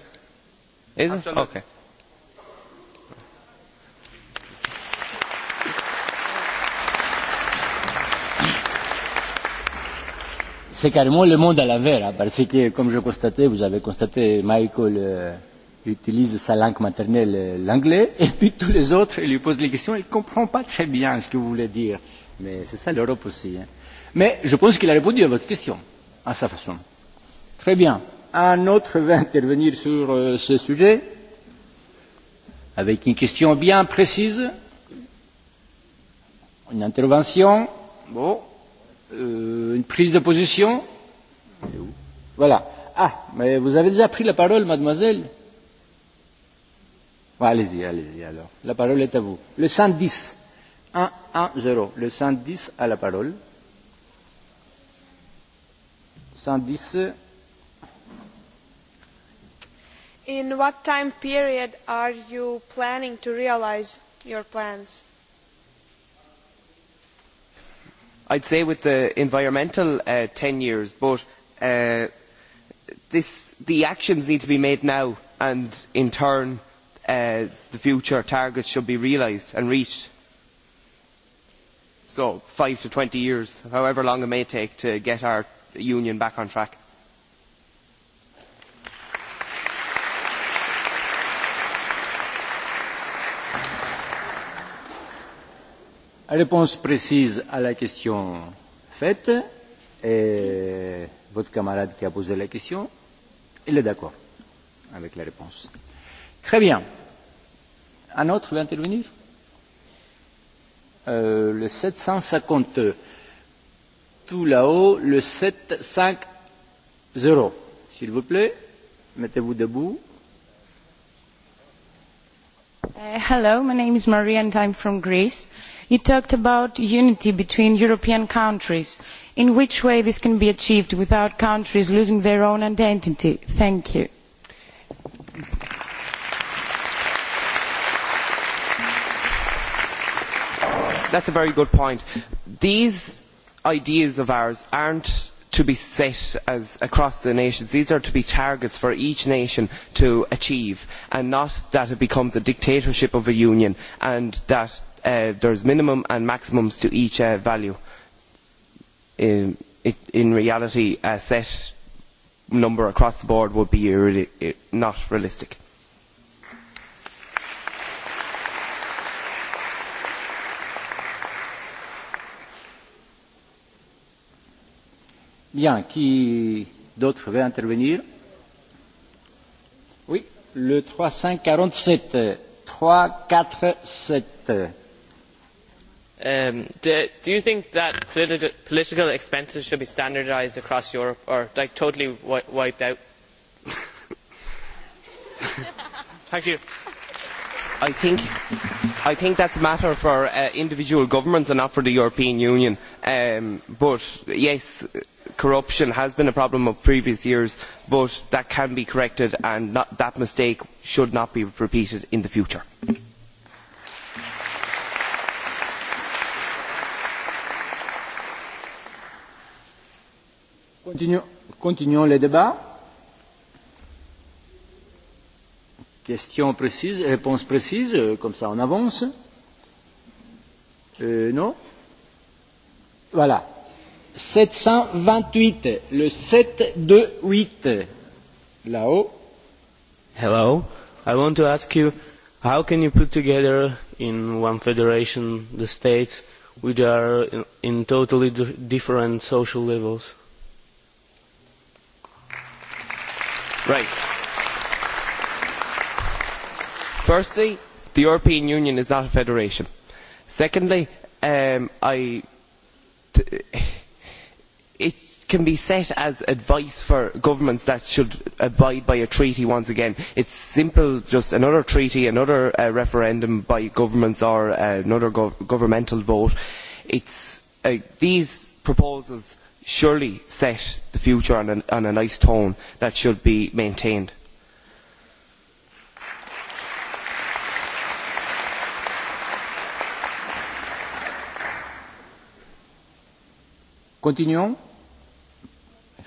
Is Absolutely. it? Okay. C'est carrément le monde à l'envers, hein, parce que, comme je constatais, vous avez constaté, Michael euh, utilise sa langue maternelle, l'anglais, et puis tous les autres, il lui pose des questions, il ne comprend pas très bien ce que vous voulez dire. Euh, Mais c'est ça l'Europe aussi. Hein. Mais je pense qu'il a répondu à votre question, à sa façon. Très bien. Un autre va intervenir sur euh, ce sujet, avec une question bien précise, une intervention, bon, euh, une prise de position. Voilà. Ah, mais vous avez déjà pris la parole, mademoiselle Bon, allez-y, allez-y alors. La parole est à vous. Le 110. 1, 110. Le 110 a la parole. 110. In what time period are you planning to realize your plans? I'd say with the environmental uh, 10 years, but uh, this, the actions need to be made now and in turn uh, the future targets should be realized and reached so five to twenty years, however long it may take to get our union back on track. Réponse précise à la question faite, et votre camarade qui a posé la question, il est d'accord avec la réponse. Très bien. Un autre veut intervenir Euh, le 750, Tout là-haut, le 750. S'il vous plaît, mettez-vous debout. Uh, hello, my name is Maria and I'm from Greece. You talked about unity between European countries. In which way this can be achieved without countries losing their own identity? Thank you. that's a very good point. These ideas of ours aren't to be set as across the nations. These are to be targets for each nation to achieve, and not that it becomes a dictatorship of a union and that uh, there's minimum and maximums to each uh, value. In, it, in reality, a set number across the board would be not realistic. Bien, qui d'autre veut intervenir Oui, le 347. 347. Um, do, do you think that politi political expenses should be standardised across Europe or like totally wi wiped out? Thank you. I think, I think that's a matter for uh, individual governments and not for the European Union. Um, but yes, corruption has been a problem of previous years but that can be corrected and that mistake should not be repeated in the future. Continuons, continuons le débat. Question précise, réponse précise, comme ça on avance. Euh, non Voilà. 728, le 728, là-haut. Hello, I want to ask you, how can you put together in one federation the states which are in, totally different social levels? Right. Firstly, the European Union is not a federation. Secondly, um, I it can be set as advice for governments that should abide by a treaty once again. It is simple, just another treaty, another uh, referendum by governments or uh, another governmental vote. It's, uh, these proposals surely set the future on a, nice tone that should be maintained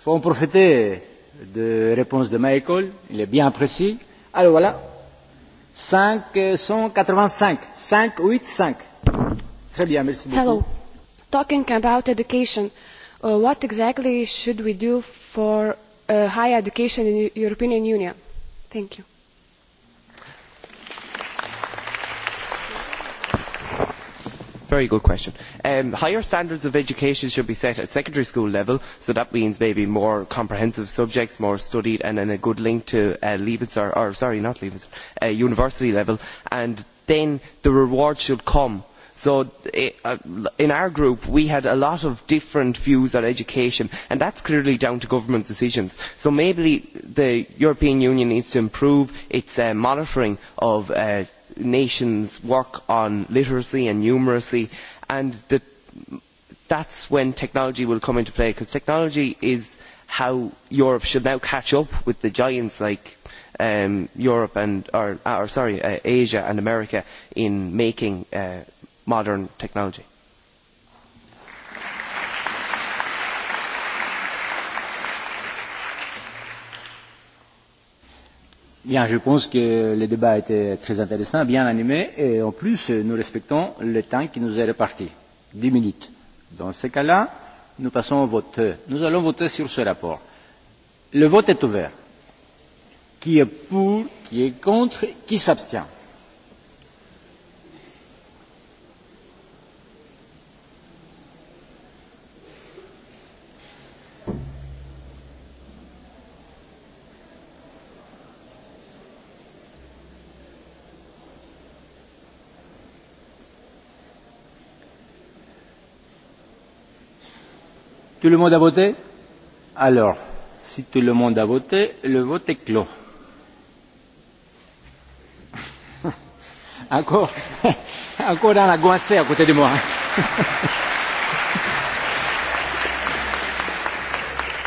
faut en profiter de réponse de Michael, il est bien précis. Alors voilà, 585, 585. Très bien, merci beaucoup. Hello. Talking about education, uh, what exactly should we do for uh, higher education in the European Union? Thank you. Very good question. Um, higher standards of education should be set at secondary school level, so that means maybe more comprehensive subjects, more studied, and then a good link to uh, Leavens or, or sorry, not Leavens, uh, university level, and then the reward should come So eh, uh, in our group, we had a lot of different views on education, and that's clearly down to government decisions. So maybe the European Union needs to improve its uh, monitoring of uh, nations' work on literacy and numeracy, and the, that's when technology will come into play, because technology is how Europe should now catch up with the giants like um, Europe and, or, uh, or sorry, uh, Asia and America in making uh, modern technology. Bien, je pense que le débat a été très intéressant, bien animé, et en plus, nous respectons le temps qui nous est réparti, Dix minutes. Dans ce cas-là, nous passons au vote. Nous allons voter sur ce rapport. Le vote est ouvert. Qui est pour Qui est contre Qui s'abstient Tout le monde a voté Alors, si tout le monde a voté, le vote est clos. encore, encore dans la goinsée à côté de moi.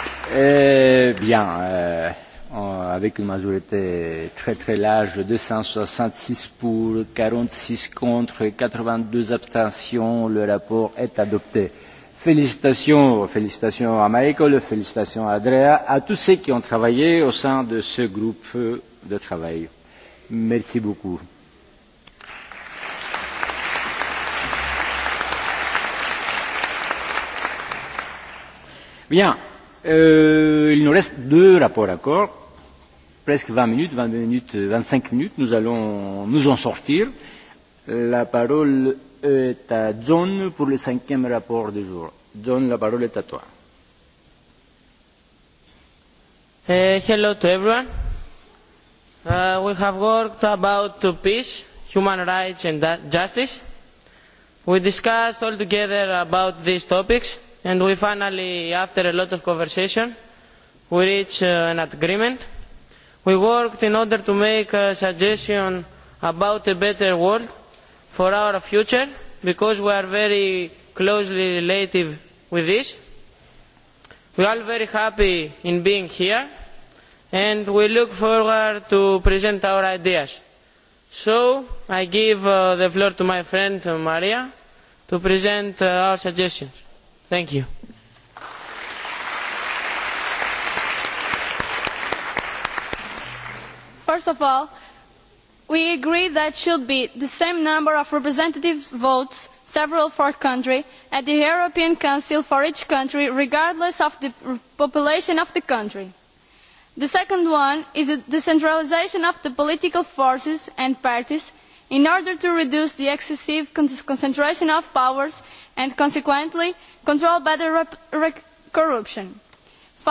eh bien, euh, avec une majorité très très large, 266 pour, 46 contre et 82 abstentions, le rapport est adopté. Félicitations, félicitations à Michael, félicitations à Andrea, à tous ceux qui ont travaillé au sein de ce groupe de travail. Merci beaucoup. Bien, euh, il nous reste deux rapports d'accords, presque 20 minutes, 20 minutes, 25 minutes, nous allons nous en sortir. La parole est à John pour le cinquième rapport du jour. la parole est à eh, hello to everyone. Uh, we have worked about peace, human rights and justice. We discussed all together about these topics and we finally, after a lot of conversation, we reached uh, an agreement. We worked in order to make a suggestion about a better world for our future because we are very closely related with this. We are very happy in being here and we look forward to present our ideas. So I give uh, the floor to my friend uh, Maria to present uh, our suggestions. Thank you. First of all, we agree that should be the same number of representative votes several for country at the european council for each country regardless of the population of the country. the second one is the decentralisation of the political forces and parties in order to reduce the excessive concentration of powers and consequently control better corruption.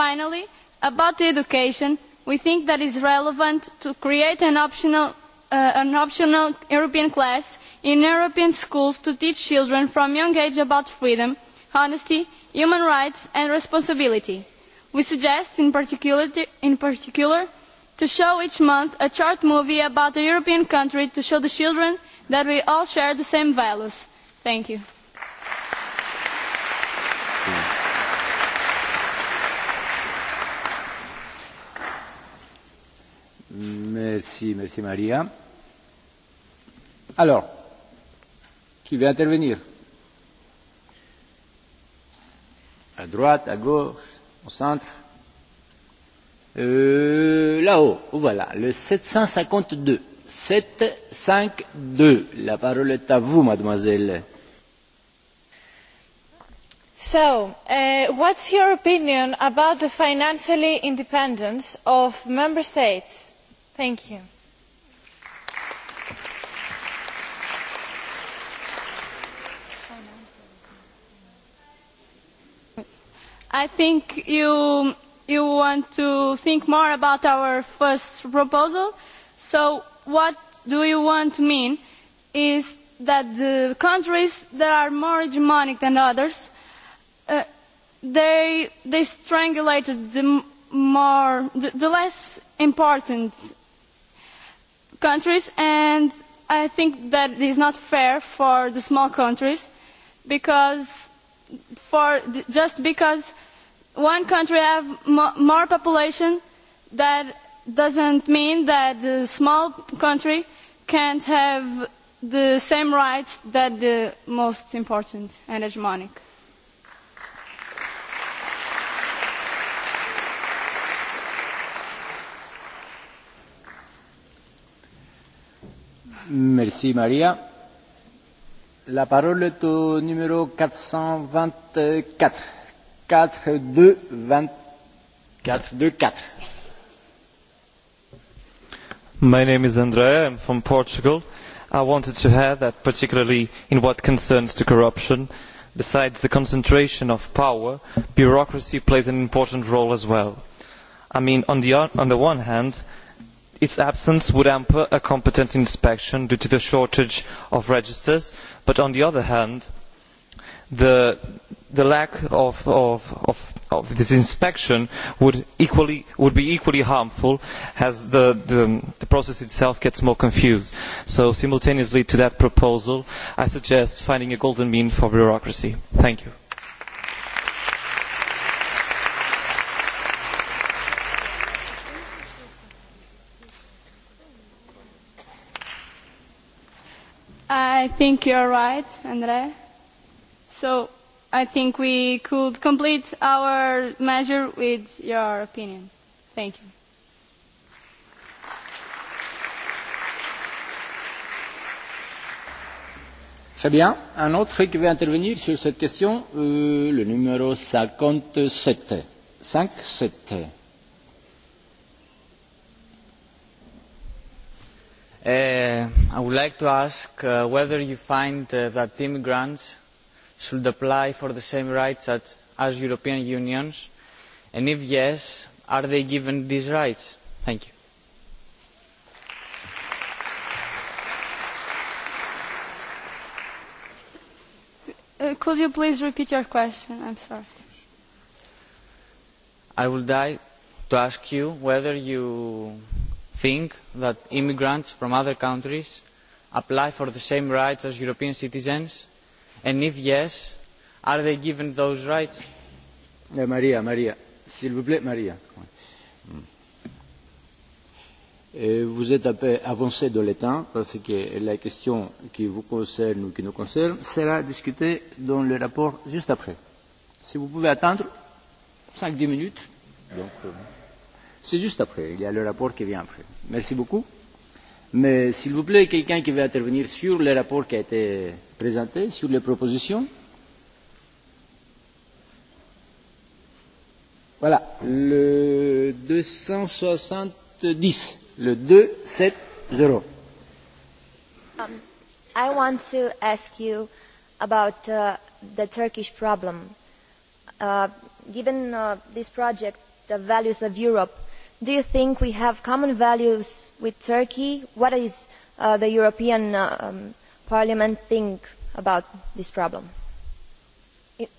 finally about education we think that it is relevant to create an optional Uh, an optional European class in European schools to teach children from young age about freedom, honesty, human rights and responsibility. We suggest in particular, in particular to show each month a short movie about a European country to show the children that we all share the same values. Thank you. Merci, merci Maria. Alors, qui veut intervenir À droite, à gauche, au centre euh, Là-haut, voilà, le 752. 752. La parole est à vous, mademoiselle. So, uh, what's your opinion about the financial independence of member states? Thank you. I think you, you want to think more about our first proposal. So what do you want to mean is that the countries that are more hegemonic than others, uh, they, they strangulated the, more, the, the less important countries and I think that is not fair for the small countries because for just because one country has more population that doesn't mean that the small country can't have the same rights that the most important and hegemonic. Merci Maria la 424. My name is i I'm from Portugal. I wanted to add that particularly in what concerns to corruption, besides the concentration of power, bureaucracy plays an important role as well. I mean, on the, on the one hand, its absence would hamper a competent inspection due to the shortage of registers but on the other hand the, lack of, of, of, of, this inspection would, equally, would be equally harmful as the, the, the, process itself gets more confused. So simultaneously to that proposal, I suggest finding a golden mean for bureaucracy. Thank you. I think you are right, Andre. So I think we could complete our measure with your opinion. Thank you. Très bien. Un autre qui veut intervenir sur cette question, euh, le numéro 57. 57. Uh, i would like to ask uh, whether you find uh, that immigrants should apply for the same rights as, as european unions and if yes are they given these rights? thank you. could you please repeat your question? i'm sorry. i would like to ask you whether you think that immigrants from other countries apply for the same rights as european citizens and if yes are they given those rights? Eh, Maria, Maria. s'il vous Plaît, Maria. Hmm. Eh, vous êtes un peu avancé de l'état, parce que la question qui vous concerne ou qui nous concerne sera discutée dans le rapport juste après. si vous pouvez attendre cinq dix minutes. Donc, C'est juste après. Il y a le rapport qui vient après. Merci beaucoup. Mais s'il vous plaît, quelqu'un qui veut intervenir sur le rapport qui a été présenté, sur les propositions Voilà, le 270, le 270. Um, I want to ask you about uh, the Turkish problem. Uh, given uh, this project, the values of Europe, do you think we have common values with turkey? what does uh, the european uh, um, parliament think about this problem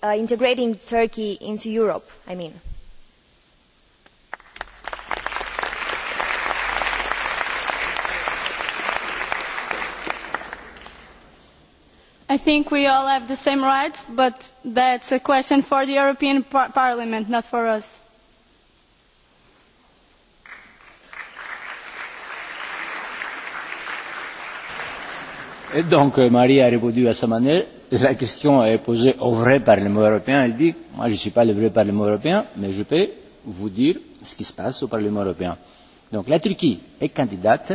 uh, integrating turkey into europe i mean? i think we all have the same rights but that is a question for the european parliament not for us. Donc euh, Marie a répondu à sa manière. La question est posée au vrai Parlement européen. Elle dit Moi, je ne suis pas le vrai Parlement européen, mais je peux vous dire ce qui se passe au Parlement européen. Donc la Turquie est candidate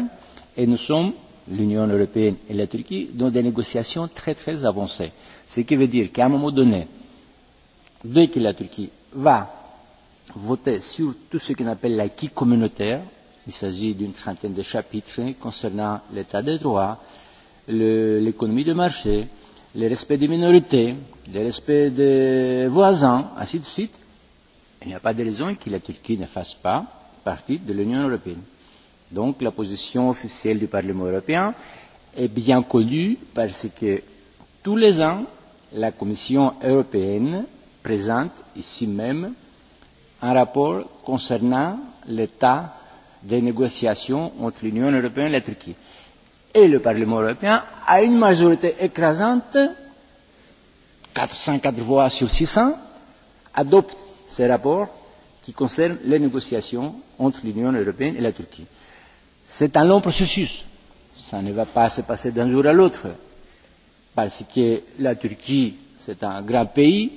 et nous sommes, l'Union européenne et la Turquie, dans des négociations très très avancées. Ce qui veut dire qu'à un moment donné, dès que la Turquie va voter sur tout ce qu'on appelle l'acquis communautaire, il s'agit d'une trentaine de chapitres concernant l'état de droit, l'économie de marché, le respect des minorités, le respect des voisins, ainsi de suite, il n'y a pas de raison que la Turquie ne fasse pas partie de l'Union européenne. Donc la position officielle du Parlement européen est bien connue parce que tous les ans, la Commission européenne présente ici même un rapport concernant l'état des négociations entre l'Union européenne et la Turquie et le Parlement européen à une majorité écrasante, 404 voix sur 600, adopte ce rapport qui concerne les négociations entre l'Union européenne et la Turquie. C'est un long processus. Ça ne va pas se passer d'un jour à l'autre. Parce que la Turquie, c'est un grand pays.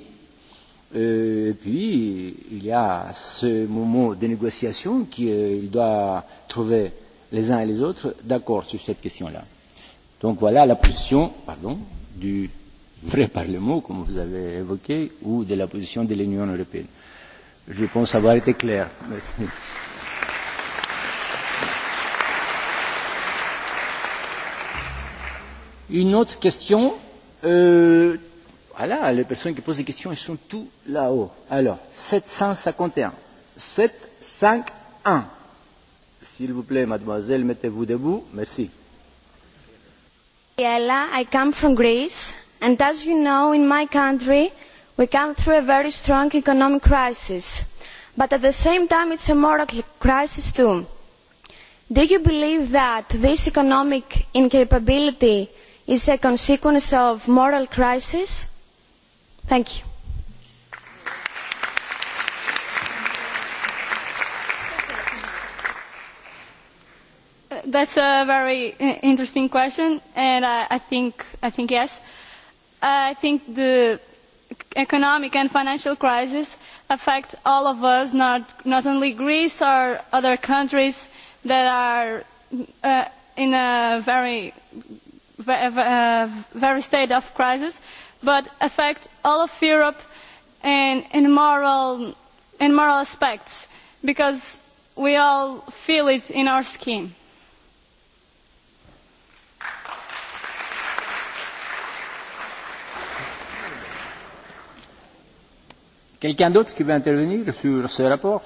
Euh, et puis, il y a ce moment de négociation qu'il euh, doit trouver euh, les uns et les autres d'accord sur cette question-là. Donc voilà la position pardon, du vrai Parlement, comme vous avez évoqué, ou de la position de l'Union européenne. Je pense avoir été clair. Merci. Une autre question. Euh, voilà, les personnes qui posent des questions, elles sont tous là-haut. Alors, 751. 751. S'il vous plaît, mademoiselle, mettez-vous debout. Merci. Ella, I come from Greece, and as you know, in my country, we come through a very strong economic crisis. But at the same time, it's a moral crisis too. Do you believe that this economic incapability is a consequence of moral crisis? Thank you. that's a very interesting question, and I, I think I think yes. I think the economic and financial crisis affect all of us, not not only Greece or other countries that are uh, in a very uh, very state of crisis, but affect all of Europe and in moral in moral aspects because we all feel it in our skin Quelqu'un d'autre qui veut intervenir sur ce rapport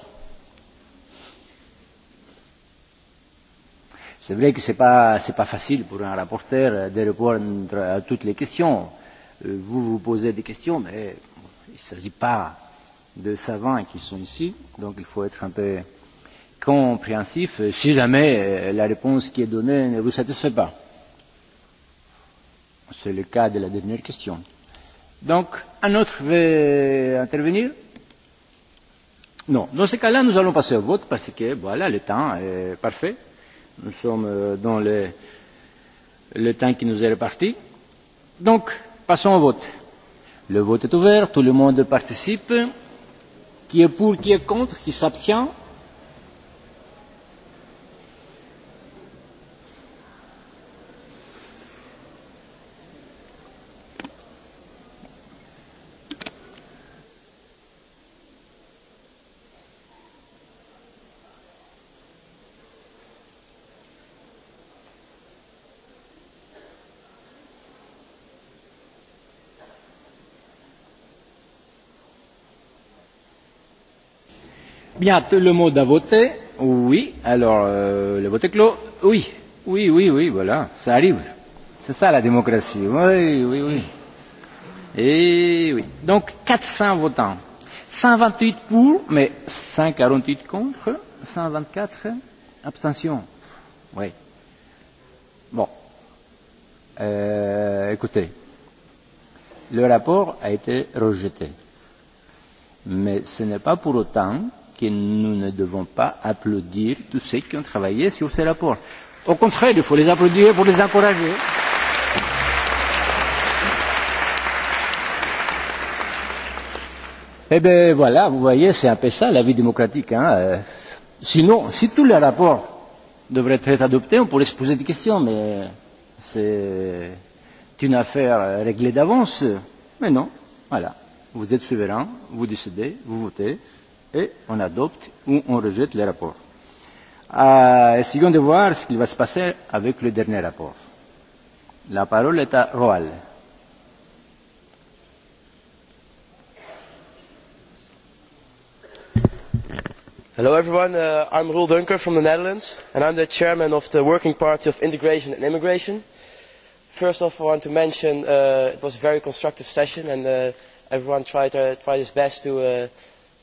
C'est vrai que ce n'est pas, pas facile pour un rapporteur de répondre à toutes les questions. Euh, vous vous posez des questions, mais il ne s'agit pas de savants qui sont ici, donc il faut être un peu compréhensif si jamais euh, la réponse qui est donnée ne vous satisfait pas. C'est le cas de la dernière question. Donc, un autre veut intervenir Non. Dans ce cas-là, nous allons passer au vote parce que, voilà, le temps est parfait. Nous sommes euh, dans le, le temps qui nous est reparti. Donc, passons au vote. Le vote est ouvert, tout le monde participe. Qui est pour, qui est contre, qui s'abstient Bien, tout le monde a voté. Oui, alors euh, le vote est clos. Oui, oui, oui, oui, voilà, ça arrive. C'est ça la démocratie. Oui, oui, oui. Et eh oui. Donc 400 votants. 128 pour, mais 148 contre, 124 abstentions. Oui. Bon. Euh, écoutez, le rapport a été rejeté. Mais ce n'est pas pour autant que nous ne devons pas applaudir tous ceux qui ont travaillé sur ce rapport. Au contraire, il faut les applaudir pour les encourager. Eh bien voilà, vous voyez, c'est un peu ça la vie démocratique. Hein. Euh, sinon, si tous les rapports devraient être adoptés, on pourrait se poser des questions, mais c'est une affaire réglée d'avance. Mais non, voilà. Vous êtes souverain, vous décidez, vous votez et on adopte ou on rejette les rapports. Euh, essayons de voir ce qui va se passer avec le dernier rapport. La parole est à Roal. Hello everyone, uh, I'm Roel Dunker from the Netherlands and I'm the chairman of the Working Party of Integration and Immigration. First off, I want to mention uh, it was a very constructive session and uh, everyone tried, uh, tried his best to uh,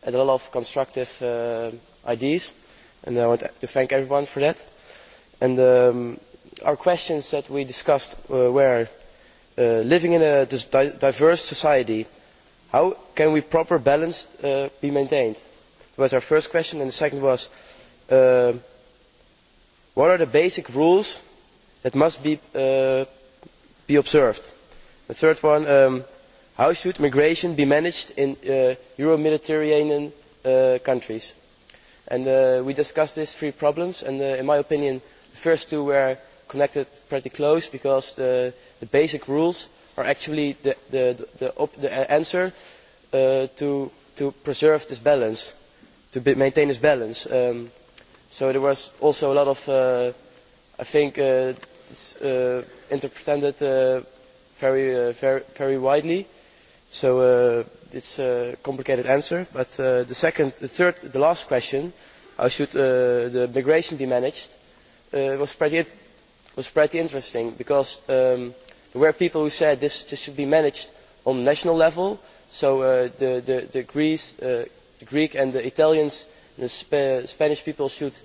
had a lot of constructive uh, ideas and I want to thank everyone for that. And um, our questions that we discussed uh, were uh, living in a diverse society, how can we proper balance be maintained? That was our first question. And the second was, what are the basic rules that must be, uh, be observed? The third one, um, how should migration be managed in uh, euro mediterranean uh, countries? Uh, we discussed these three problems and in my opinion the first two were connected pretty closely because the basic rules are actually the answer to preserve this balance to maintain this balance. Um, so there was also a lot of i think interpreted very widely So uh, it is a complicated answer. But uh, the last question, how should uh, the migration be managed, was pretty interesting because um, there were people who said this, should be managed on national level. So the, Greek and the Italians and the Spanish people should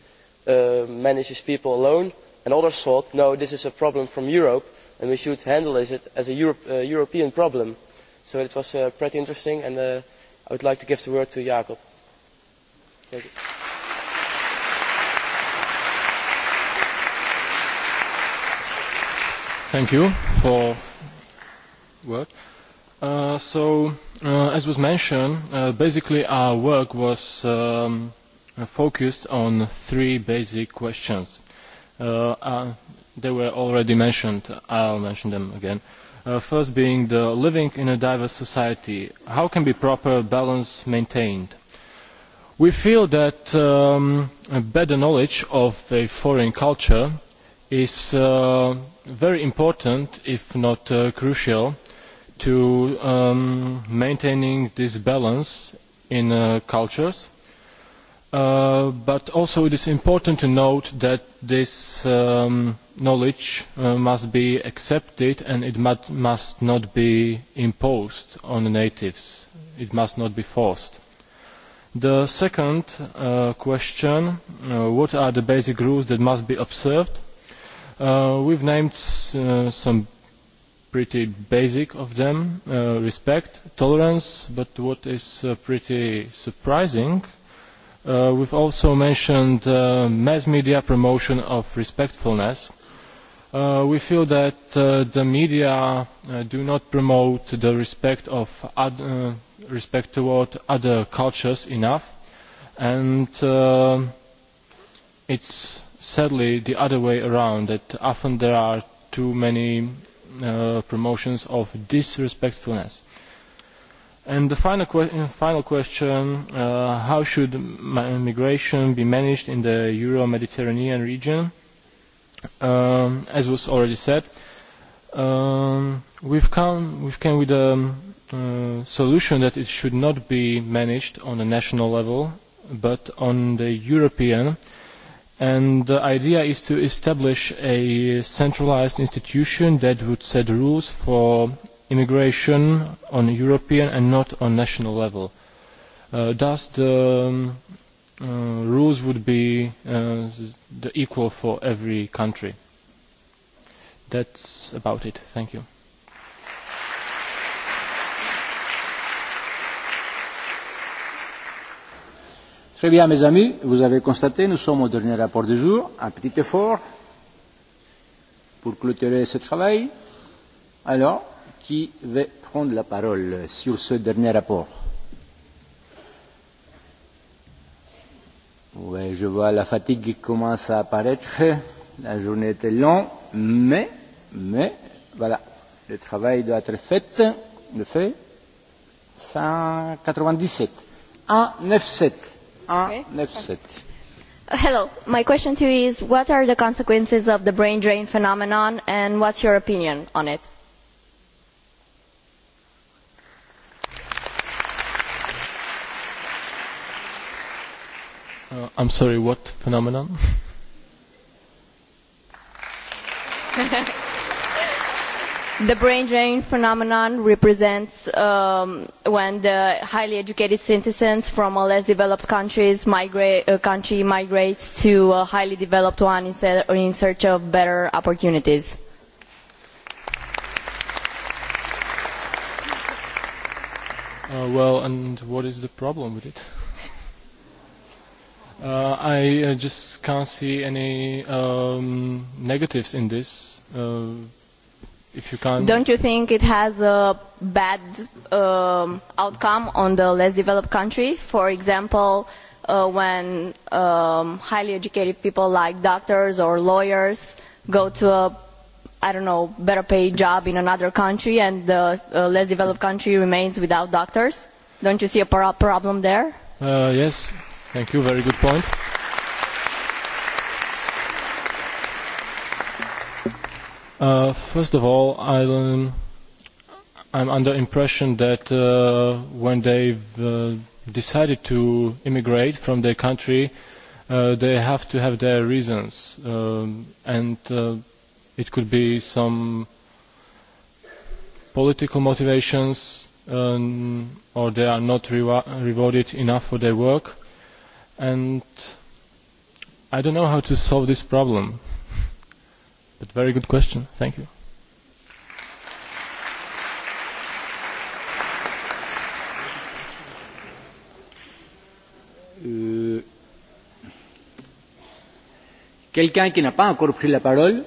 manage these people alone. And others thought, no, this is a problem from Europe and we should handle it as a European problem so it was uh, pretty interesting and uh, I would like to give the word to Jacob. Thank you. Thank you for work. Uh, so, uh, as was mentioned, uh, basically our work was um, focused on three basic questions. Uh, uh, they were already mentioned. I'll mention them again. Uh, Uh, first being the living in a diverse society. How can be proper balance maintained? We feel that um, a better knowledge of a foreign culture is uh, very important, if not uh, crucial, to um, maintaining this balance in uh, cultures. Uh, but also it is important to note that this um, knowledge uh, must be accepted and it must, must not be imposed on the natives. It must not be forced. The second uh, question, uh, what are the basic rules that must be observed? Uh, we've named uh, some pretty basic of them, uh, respect, tolerance, but what is uh, pretty surprising Uh, we have also mentioned uh, mass media promotion of respectfulness Uh, we feel that uh, the media uh, do not promote the respect of uh, respect toward other cultures enough and uh, it's sadly the other way around that often there are too many uh, promotions of disrespectfulness. And the final, que final question, uh, how should migration be managed in the Euro-Mediterranean region? um, as was already said, um, we've come we've came with a um, uh, solution that it should not be managed on a national level, but on the European. And the idea is to establish a centralized institution that would set rules for immigration on European and not on national level. Uh, thus, the um, uh, rules would be uh, the equal for every country. That's about it. Thank you. Très bien, mes amis, vous avez constaté, nous sommes au dernier rapport du jour. Un petit effort pour clôturer ce travail. Alors, qui va prendre la parole sur ce dernier rapport Oui, je vois la fatigue qui commence à apparaître. La journée était longue, mais, mais, voilà, le travail doit être fait. Le fait, 197. 197. 197. Hello, my question to you is what are the consequences of the brain drain phenomenon and what's your opinion on it? Uh, I'm sorry, what phenomenon? the brain drain phenomenon represents um, when the highly educated citizens from a less developed countries migrate, uh, country migrates to a highly developed one in, se- in search of better opportunities. Uh, well, and what is the problem with it? Uh, I uh, just can't see any um, negatives in this. Uh, if you can't. Don't you think it has a bad um, outcome on the less developed country? For example, uh, when um, highly educated people like doctors or lawyers go to a I don't know, better paid job in another country and the uh, less developed country remains without doctors? Don't you see a pro problem there? Uh, yes, Thank you. Very good point. Uh, first of all, I'm, I'm under impression that uh, when they uh, decided to immigrate from their country, uh, they have to have their reasons, um, and uh, it could be some political motivations, um, or they are not re rewarded enough for their work and I don't know how to solve this problem. But very good question. Thank you. Uh, quelqu'un qui n'a pas encore pris la parole,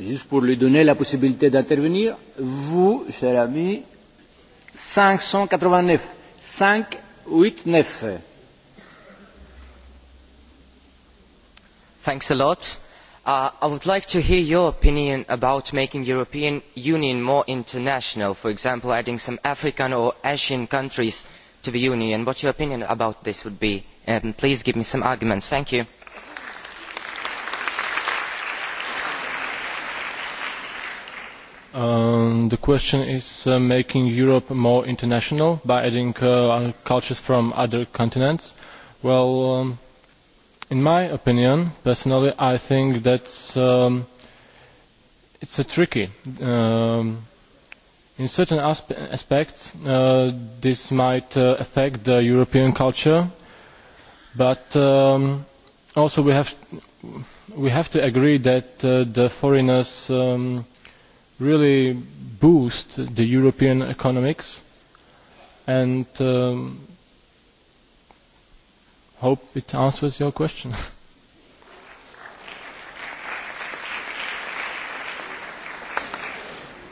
juste pour lui donner la possibilité d'intervenir, vous, cher ami, 589, 589. thanks a lot. Uh, i would like to hear your opinion about making the european union more international for example adding some african or asian countries to the union what your opinion about this would be and um, please give me some arguments. thank you. Um, the question is uh, making Europe more international by adding uh, cultures from other continents. Well, um, in my opinion, personally, I think that um, it's a tricky. Um, in certain aspe aspects, uh, this might uh, affect the European culture, but um, also we have we have to agree that uh, the foreigners um, really boost the European economics and. Um, hope it answers your question.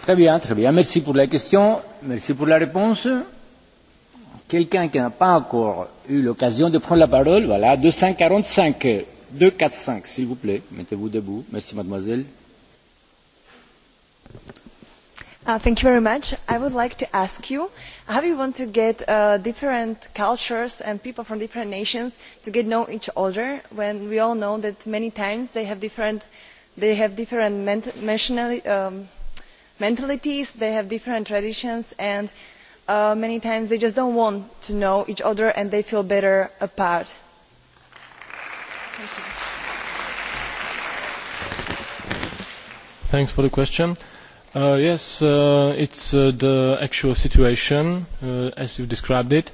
Très bien, très bien. Merci pour la question, merci pour la réponse. Quelqu'un qui n'a pas encore eu l'occasion de prendre la parole, voilà, 245, 245, s'il vous plaît, mettez-vous debout. Merci, mademoiselle. Uh, thank you very much. I would like to ask you how you want to get uh, different cultures and people from different nations to get know each other when we all know that many times they have different, they have different ment um, mentalities, they have different traditions, and uh, many times they just don't want to know each other and they feel better apart. Thank you. Thanks for the question Uh, yes, uh, it's uh, the actual situation uh, as you described it,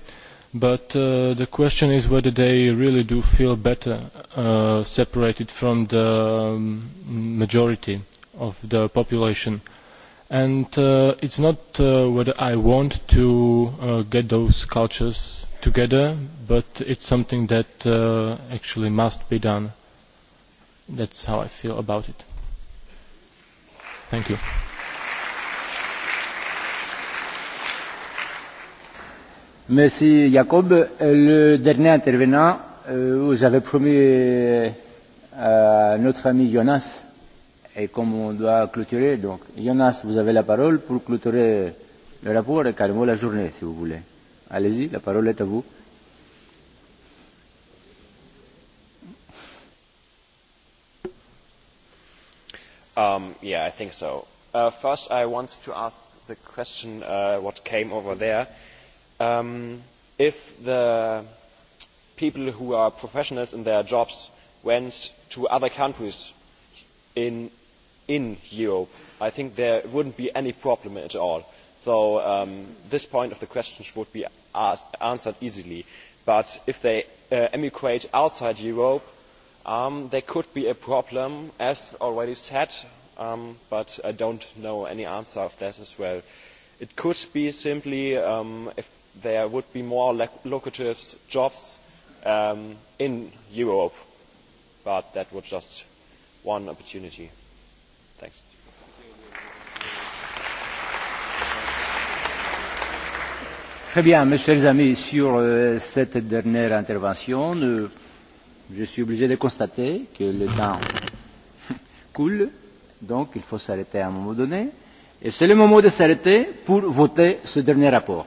but uh, the question is whether they really do feel better uh, separated from the um, majority of the population. And uh, it's not uh, whether I want to uh, get those cultures together, but it's something that uh, actually must be done. That's how I feel about it. Thank you. Merci Jacob. Euh, le intervenant, euh, vous avez promis euh, à notre ami Jonas, et comme on doit clôturer, donc Jonas, vous avez la parole pour clôturer le rapport et carrément la journée, si vous voulez. Allez-y, la parole est à vous. Um, yeah, I think so. Uh, first, I want to ask the question uh, what came over there. Uh, Um, if the people who are professionals in their jobs went to other countries in, Europe, I think there wouldn't be any problem at all. So um, this point of the question would be answered easily. But if they uh, emigrate outside Europe, um, there could be a problem, as already said, but I don't know any answer of this as well. It could be simply if there would be more lucrative jobs um, in Europe, but that was just one opportunity. Thanks. Très bien, mes chers amis, sur euh, cette dernière intervention, euh, je suis obligé de constater que le temps coule, donc il faut s'arrêter à un moment donné. Et c'est le moment de s'arrêter pour voter ce dernier rapport.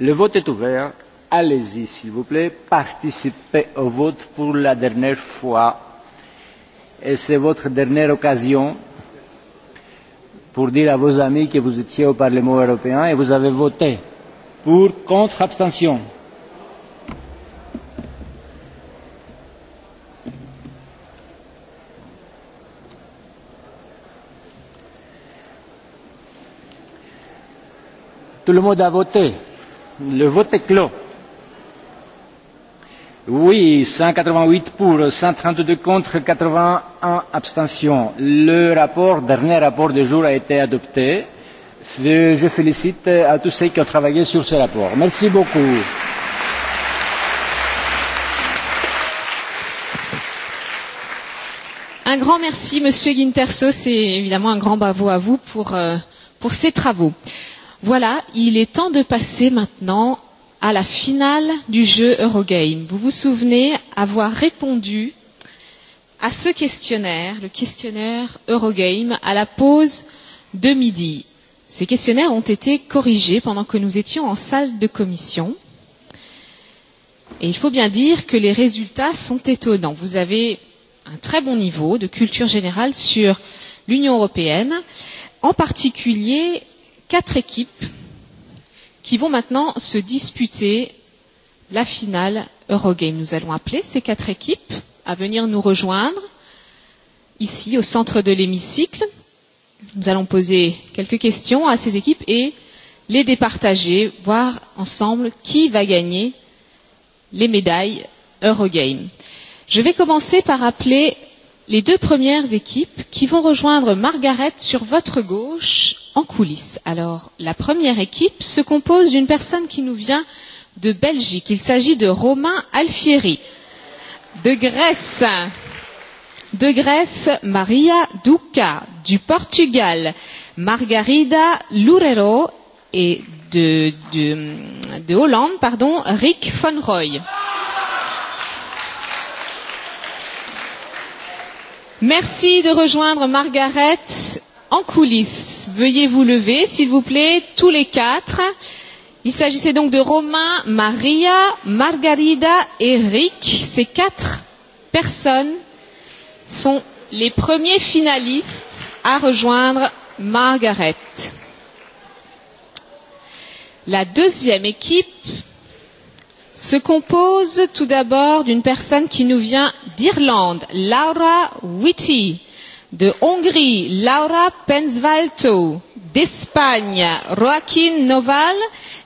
Le vote est ouvert. Allez-y, s'il vous plaît. Participez au vote pour la dernière fois. Et c'est votre dernière occasion pour dire à vos amis que vous étiez au Parlement européen et vous avez voté pour, contre, abstention. Tout le monde a voté. Le vote est clos. Oui, 188 pour, 132 contre, 81 abstentions. Le rapport, dernier rapport du jour a été adopté. Je félicite euh, à tous ceux qui ont travaillé sur ce rapport. Merci beaucoup. Un grand merci, Monsieur Guintersos, et évidemment un grand bravo à vous pour, euh, pour ces travaux. Voilà, il est temps de passer maintenant à la finale du jeu Eurogame. Vous vous souvenez avoir répondu à ce questionnaire, le questionnaire Eurogame, à la pause de midi. Ces questionnaires ont été corrigés pendant que nous étions en salle de commission. Et il faut bien dire que les résultats sont étonnants. Vous avez un très bon niveau de culture générale sur l'Union européenne, en particulier quatre équipes qui vont maintenant se disputer la finale Eurogame. Nous allons appeler ces quatre équipes à venir nous rejoindre ici au centre de l'hémicycle. Nous allons poser quelques questions à ces équipes et les départager, voir ensemble qui va gagner les médailles Eurogame. Je vais commencer par appeler les deux premières équipes qui vont rejoindre Margaret sur votre gauche en coulisses. Alors, la première équipe se compose d'une personne qui nous vient de Belgique. Il s'agit de Romain Alfieri. De Grèce. De Grèce, Maria Duca. Du Portugal, Margarida Loureiro. Et de, de, de Hollande, pardon, Rick von Roy. Merci de rejoindre Margaret en coulisses. Veuillez vous lever, s'il vous plaît, tous les quatre. Il s'agissait donc de Romain, Maria, Margarida et Rick. Ces quatre personnes sont les premiers finalistes à rejoindre Margaret. La deuxième équipe se compose tout d'abord d'une personne qui nous vient d'Irlande, Laura Whitty de Hongrie, Laura Penzvalto, d'Espagne, Joaquin Noval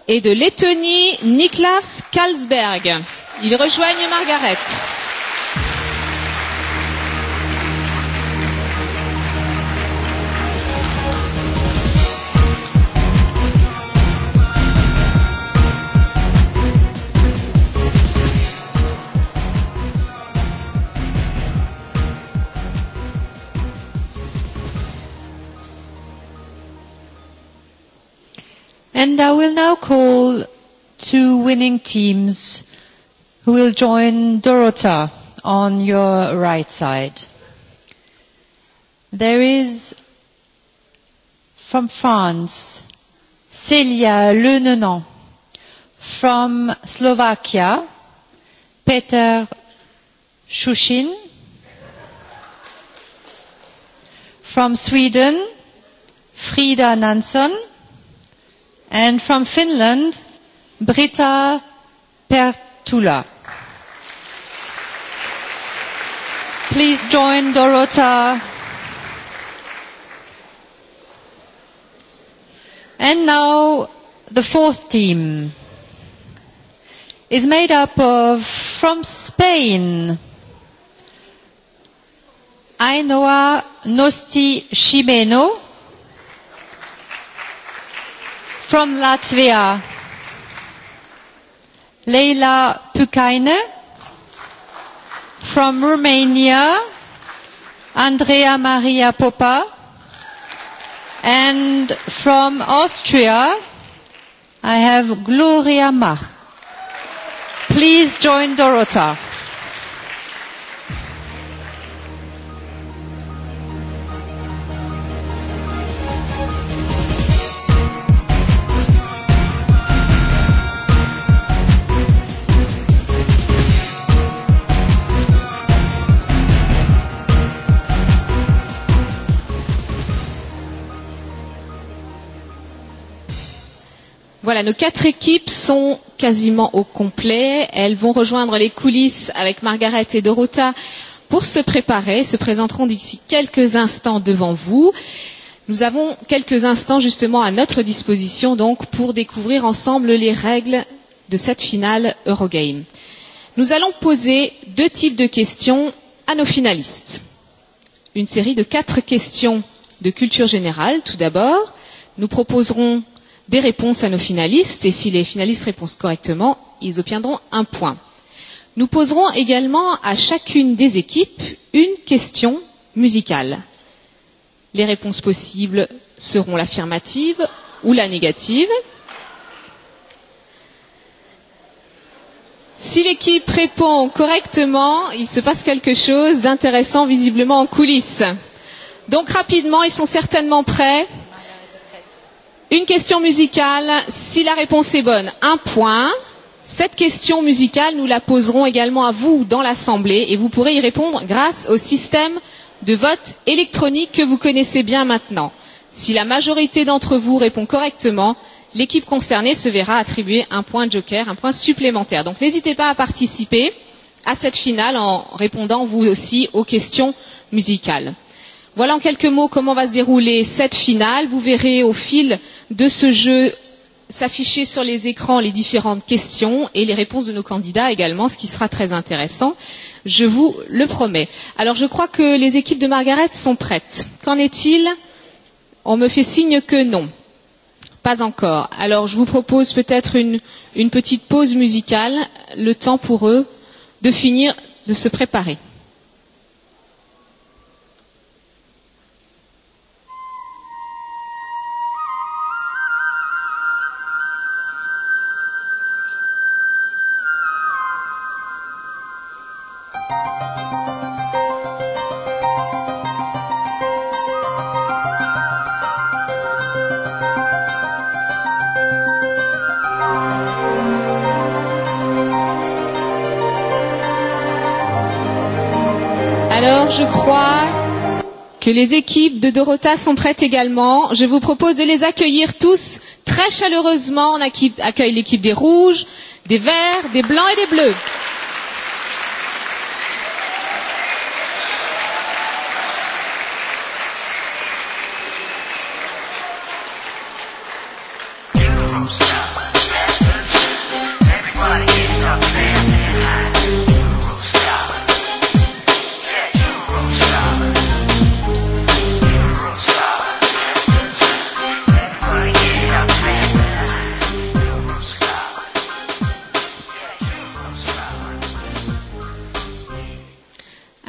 et de Lettonie, Niklas Kalsberg. Ils rejoignent Margaret. And I will now call two winning teams who will join Dorota on your right side. There is from France, Celia Lenenon. From Slovakia, Peter Shushin. From Sweden, Frida Nansson And from Finland, Britta Pertula. Please join Dorota. And now the fourth team is made up of from Spain, Ainoa Nosti Shimeno from Latvia. Leila Pukaine from Romania, Andrea Maria Popa, and from Austria, I have Gloria Mach. Please join Dorota. Voilà, nos quatre équipes sont quasiment au complet. Elles vont rejoindre les coulisses avec Margaret et Dorota pour se préparer, se présenteront d'ici quelques instants devant vous. Nous avons quelques instants justement à notre disposition donc pour découvrir ensemble les règles de cette finale Eurogame. Nous allons poser deux types de questions à nos finalistes. Une série de quatre questions de culture générale tout d'abord. Nous proposerons des réponses à nos finalistes et si les finalistes répondent correctement, ils obtiendront un point. Nous poserons également à chacune des équipes une question musicale. Les réponses possibles seront l'affirmative ou la négative. Si l'équipe répond correctement, il se passe quelque chose d'intéressant visiblement en coulisses. Donc rapidement, ils sont certainement prêts. Une question musicale, si la réponse est bonne, un point. Cette question musicale, nous la poserons également à vous dans l'Assemblée et vous pourrez y répondre grâce au système de vote électronique que vous connaissez bien maintenant. Si la majorité d'entre vous répond correctement, l'équipe concernée se verra attribuer un point joker, un point supplémentaire. Donc n'hésitez pas à participer à cette finale en répondant vous aussi aux questions musicales. Voilà en quelques mots comment va se dérouler cette finale. Vous verrez au fil de ce jeu s'afficher sur les écrans les différentes questions et les réponses de nos candidats également, ce qui sera très intéressant, je vous le promets. Alors je crois que les équipes de Margaret sont prêtes. Qu'en est-il On me fait signe que non. Pas encore. Alors je vous propose peut-être une, une petite pause musicale, le temps pour eux de finir de se préparer. je crois que les équipes de Dorota sont prêtes également. Je vous propose de les accueillir tous très chaleureusement. On accueille l'équipe des rouges, des verts, des blancs et des bleus.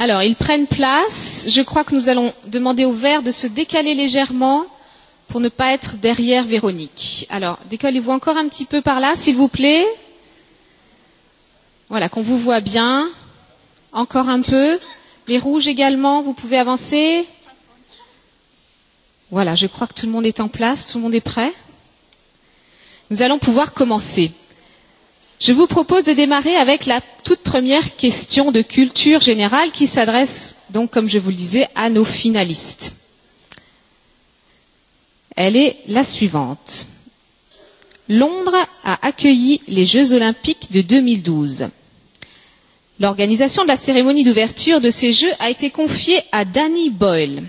Alors, ils prennent place. Je crois que nous allons demander au vert de se décaler légèrement pour ne pas être derrière Véronique. Alors, décollez-vous encore un petit peu par là, s'il vous plaît. Voilà, qu'on vous voit bien. Encore un peu. Les rouges également, vous pouvez avancer. Voilà, je crois que tout le monde est en place, tout le monde est prêt. Nous allons pouvoir commencer. Je vous propose de démarrer avec la toute première question de culture générale qui s'adresse donc, comme je vous le disais, à nos finalistes. Elle est la suivante. Londres a accueilli les Jeux olympiques de 2012. L'organisation de la cérémonie d'ouverture de ces Jeux a été confiée à Danny Boyle.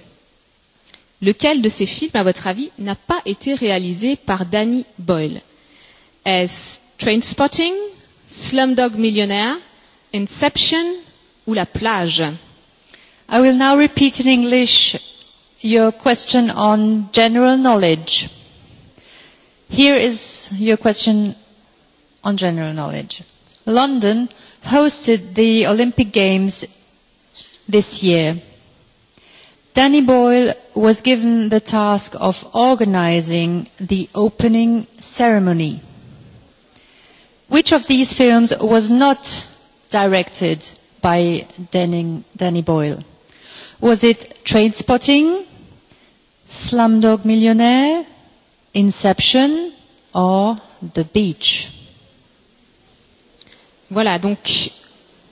Lequel de ces films, à votre avis, n'a pas été réalisé par Danny Boyle Est-ce Train Spotting, Slumdog Millionaire, Inception ou La Plage. I will now repeat in English your question on general knowledge. Here is your question on general knowledge. London hosted the Olympic Games this year. Danny Boyle was given the task of organizing the opening ceremony. Which of these films was not directed by Denning, Danny Boyle? Was it Train Spotting, Slumdog Millionaire, Inception or The Beach? Voilà, donc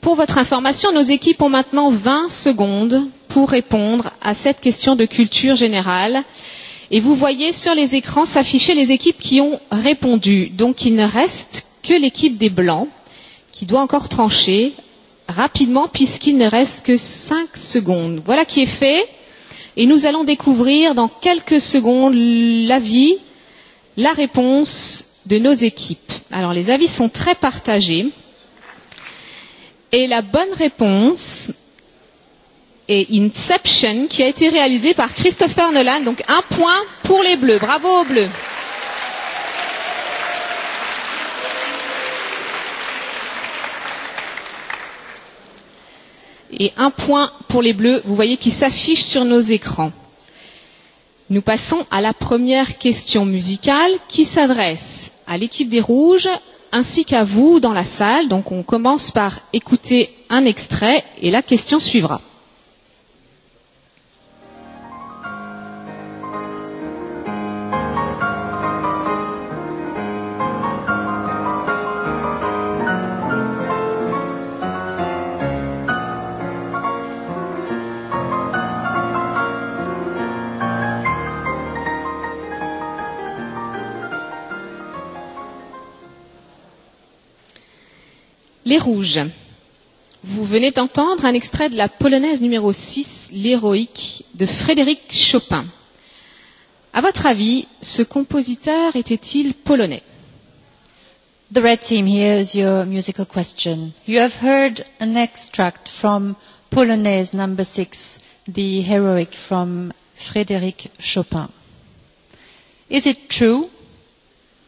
pour votre information, nos équipes ont maintenant 20 secondes pour répondre à cette question de culture générale. Et vous voyez sur les écrans s'afficher les équipes qui ont répondu. Donc il ne reste que l'équipe des Blancs, qui doit encore trancher rapidement puisqu'il ne reste que 5 secondes. Voilà qui est fait. Et nous allons découvrir dans quelques secondes l'avis, la réponse de nos équipes. Alors les avis sont très partagés. Et la bonne réponse est Inception qui a été réalisée par Christopher Nolan. Donc un point pour les Bleus. Bravo aux Bleus. et un point pour les bleus. Vous voyez qui s'affiche sur nos écrans. Nous passons à la première question musicale qui s'adresse à l'équipe des rouges ainsi qu'à vous dans la salle. Donc on commence par écouter un extrait et la question suivra. Les Rouges. Vous venez d'entendre un extrait de la polonaise numéro 6, L'Héroïque, de Frédéric Chopin. À votre avis, ce compositeur était-il polonais The red team, here is your musical question. You have heard an extract from Polonaise number 6, The Heroic from Frédéric Chopin. Is it true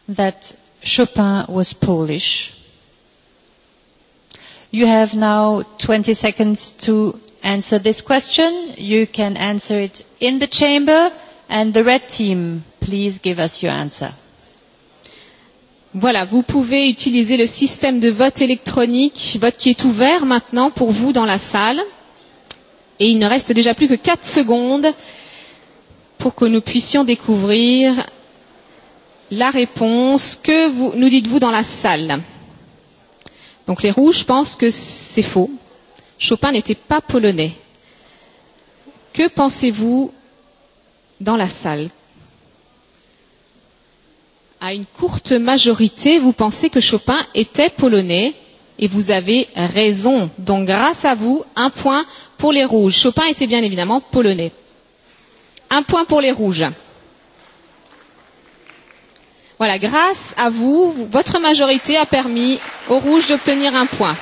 that Chopin was Polish? You have now 20 seconds to answer this question. You can answer it in the chamber. And the red team, please give us your answer. Voilà, vous pouvez utiliser le système de vote électronique, vote qui est ouvert maintenant pour vous dans la salle. Et il ne reste déjà plus que 4 secondes pour que nous puissions découvrir la réponse. Que nous dites-vous dans la salle Donc les rouges pensent que c'est faux. Chopin n'était pas polonais. Que pensez-vous dans la salle À une courte majorité, vous pensez que Chopin était polonais et vous avez raison. Donc grâce à vous, un point pour les rouges. Chopin était bien évidemment polonais. Un point pour les rouges. Voilà, grâce à vous, votre majorité a permis aux rouges d'obtenir un point.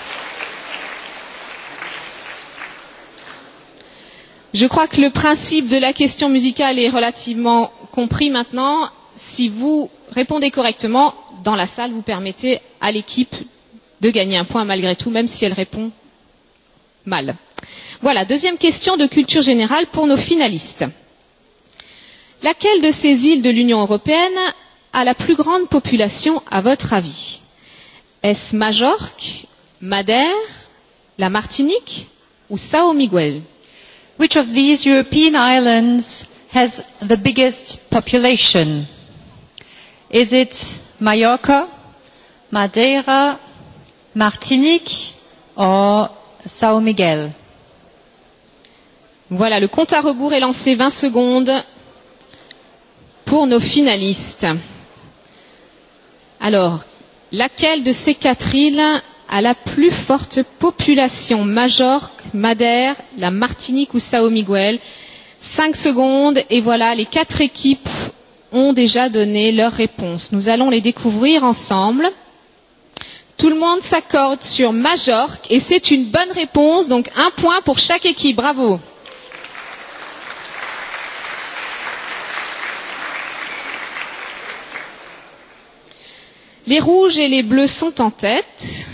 Je crois que le principe de la question musicale est relativement compris maintenant. Si vous répondez correctement, dans la salle, vous permettez à l'équipe de gagner un point malgré tout, même si elle répond mal. Voilà, deuxième question de culture générale pour nos finalistes. Laquelle de ces îles de l'Union européenne à la plus grande population à votre avis Est-ce Majorque, Madère, la Martinique ou Sao Miguel Which of these European islands has the biggest population Is it Mallorca, Madeira, Martinique or Sao Miguel Voilà, le compte à rebours est lancé 20 secondes pour nos finalistes. Alors, laquelle de ces quatre îles a la plus forte population Majorque, Madère, la Martinique ou Sao Miguel Cinq secondes et voilà, les quatre équipes ont déjà donné leur réponse. Nous allons les découvrir ensemble. Tout le monde s'accorde sur Majorque et c'est une bonne réponse, donc un point pour chaque équipe. Bravo. Les rouges et les bleus sont en tête.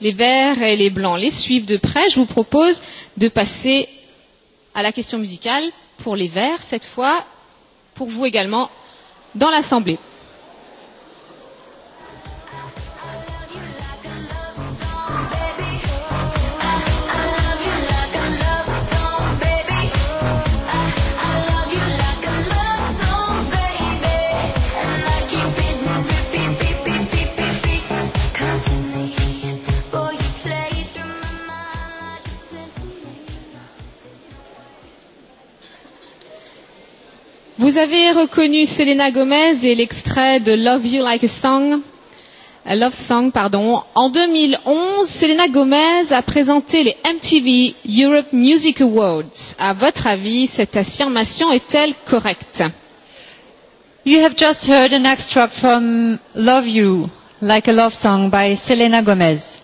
Les verts et les blancs les suivent de près. Je vous propose de passer à la question musicale pour les verts cette fois, pour vous également dans l'Assemblée. avez reconnu Selena Gomez et l'extrait de Love You Like a Song. A euh, Love Song, pardon. En 2011, Selena Gomez a présenté les MTV Europe Music Awards. À votre avis, cette affirmation est-elle correcte? You have just heard an extract from Love You, like a love song by Selena Gomez.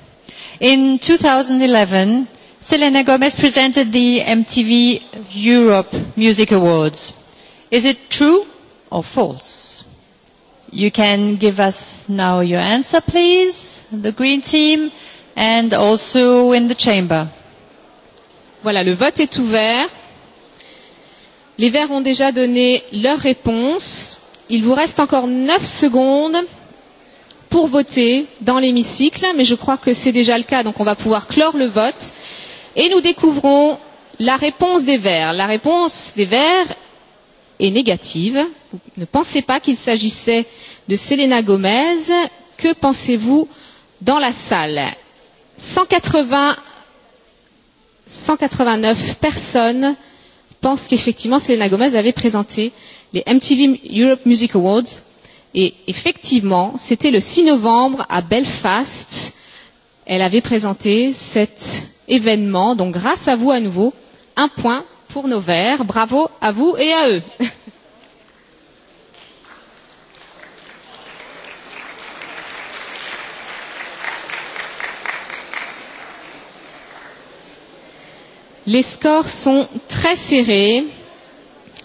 In 2011, Selena Gomez presented the MTV Europe Music Awards. Is it true or false? You can give us now your answer, please, the green team, and also in the chamber. Voilà, le vote est ouvert. Les verts ont déjà donné leur réponse. Il vous reste encore 9 secondes pour voter dans l'hémicycle, mais je crois que c'est déjà le cas, donc on va pouvoir clore le vote. Et nous découvrons la réponse des verts. La réponse des verts est négative. Vous ne pensez pas qu'il s'agissait de Selena Gomez. Que pensez-vous dans la salle 180, 189 personnes pensent qu'effectivement Selena Gomez avait présenté les MTV Europe Music Awards. Et effectivement, c'était le 6 novembre à Belfast. Elle avait présenté cet événement. Donc grâce à vous à nouveau, un point pour nos verts. Bravo à vous et à eux. Les scores sont très serrés.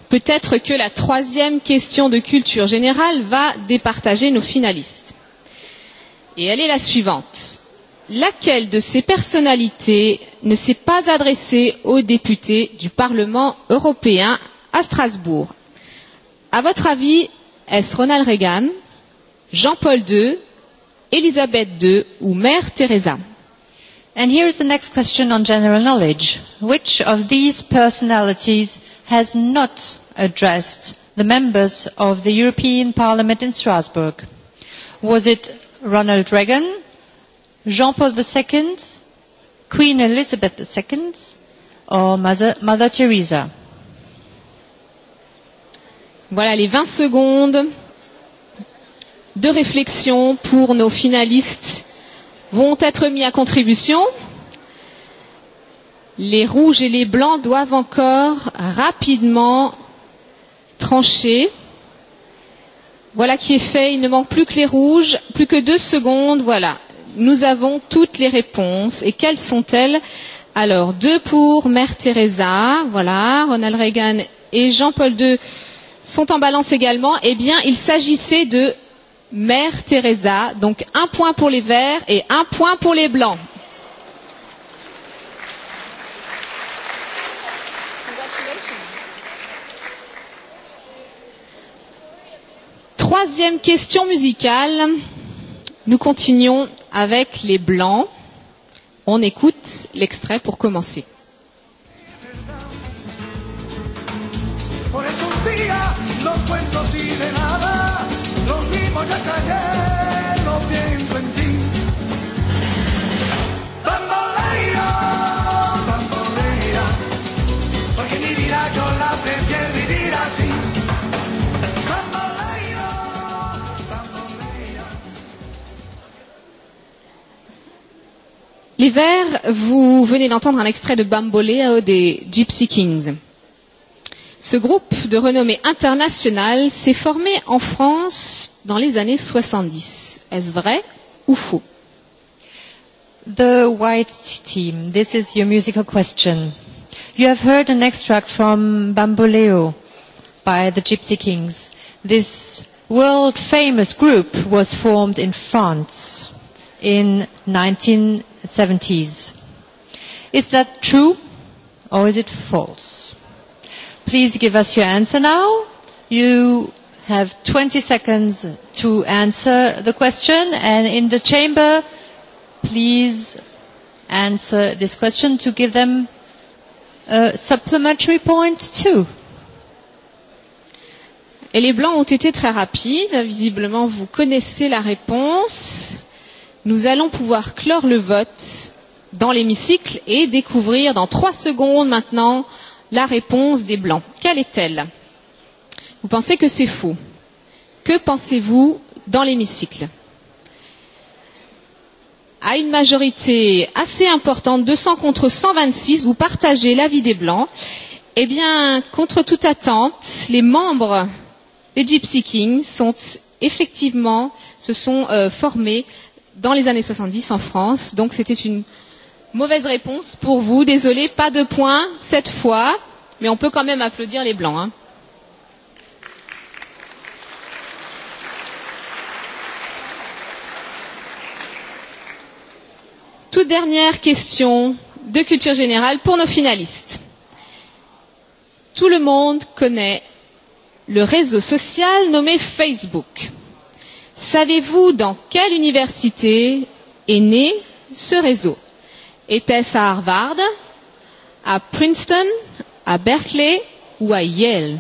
Peut-être que la troisième question de culture générale va départager nos finalistes. Et elle est la suivante laquelle de ces personnalités ne s'est pas adressée aux députés du Parlement européen à Strasbourg À votre avis, est-ce Ronald Reagan, Jean-Paul II, Elisabeth II ou Mère Teresa And here is the next question on general knowledge. Which of these personalities has not addressed the members of the European Parliament in Strasbourg? Was it Ronald Reagan, Jean Paul II, Queen Elizabeth II, or Mother, Mother Teresa. Voilà les 20 secondes de réflexion pour nos finalistes vont être mis à contribution. Les rouges et les blancs doivent encore rapidement trancher. Voilà qui est fait. Il ne manque plus que les rouges. Plus que deux secondes. Voilà nous avons toutes les réponses. Et quelles sont-elles Alors, deux pour Mère Teresa, voilà, Ronald Reagan et Jean-Paul II sont en balance également. Eh bien, il s'agissait de Mère Teresa, donc un point pour les verts et un point pour les blancs. Troisième question musicale. Nous continuons avec les blancs. On écoute l'extrait pour commencer. Por eso un día no cuento así de nada, los mismos ya cayeron. L'hiver, vous venez d'entendre un extrait de Bamboléo euh, des Gypsy Kings. Ce groupe de renommée internationale s'est formé en France dans les années 70. Est-ce vrai ou faux The White Team, this is your musical question. You have heard an extract from Bamboléo oh, by the Gypsy Kings. This world famous group was formed in France in 1970s. Is that true or is it false? Please give us your answer now. You have 20 seconds to answer the question and in the chamber, please answer this question to give them a supplementary point too. Et les blancs ont été très rapides. Visiblement, vous connaissez la réponse. Nous allons pouvoir clore le vote dans l'hémicycle et découvrir dans trois secondes maintenant la réponse des Blancs. Quelle est-elle Vous pensez que c'est faux. Que pensez-vous dans l'hémicycle à une majorité assez importante, 200 contre 126, vous partagez l'avis des Blancs. Eh bien, contre toute attente, les membres des Gypsy Kings sont effectivement se sont euh, formés dans les années 70 en France. Donc c'était une mauvaise réponse pour vous. Désolé, pas de points cette fois, mais on peut quand même applaudir les Blancs. Hein. Toute dernière question de culture générale pour nos finalistes. Tout le monde connaît le réseau social nommé Facebook. Savez-vous dans quelle université est né ce réseau Était-ce à Harvard, à Princeton, à Berkeley ou à Yale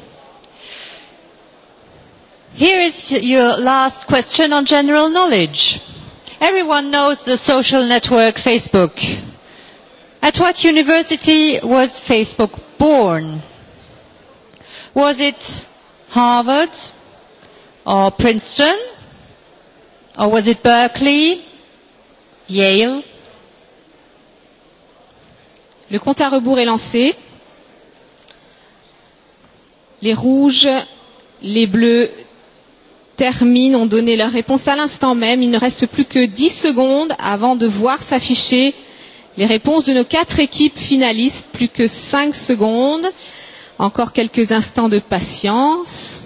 Here is your last question on general knowledge. Everyone knows the social network Facebook. At what university was Facebook born? Was it Harvard or Princeton? Or was it Berkeley? Yale? Le compte à rebours est lancé. Les rouges, les bleus terminent, ont donné leur réponse à l'instant même. Il ne reste plus que 10 secondes avant de voir s'afficher les réponses de nos quatre équipes finalistes. Plus que 5 secondes. Encore quelques instants de patience.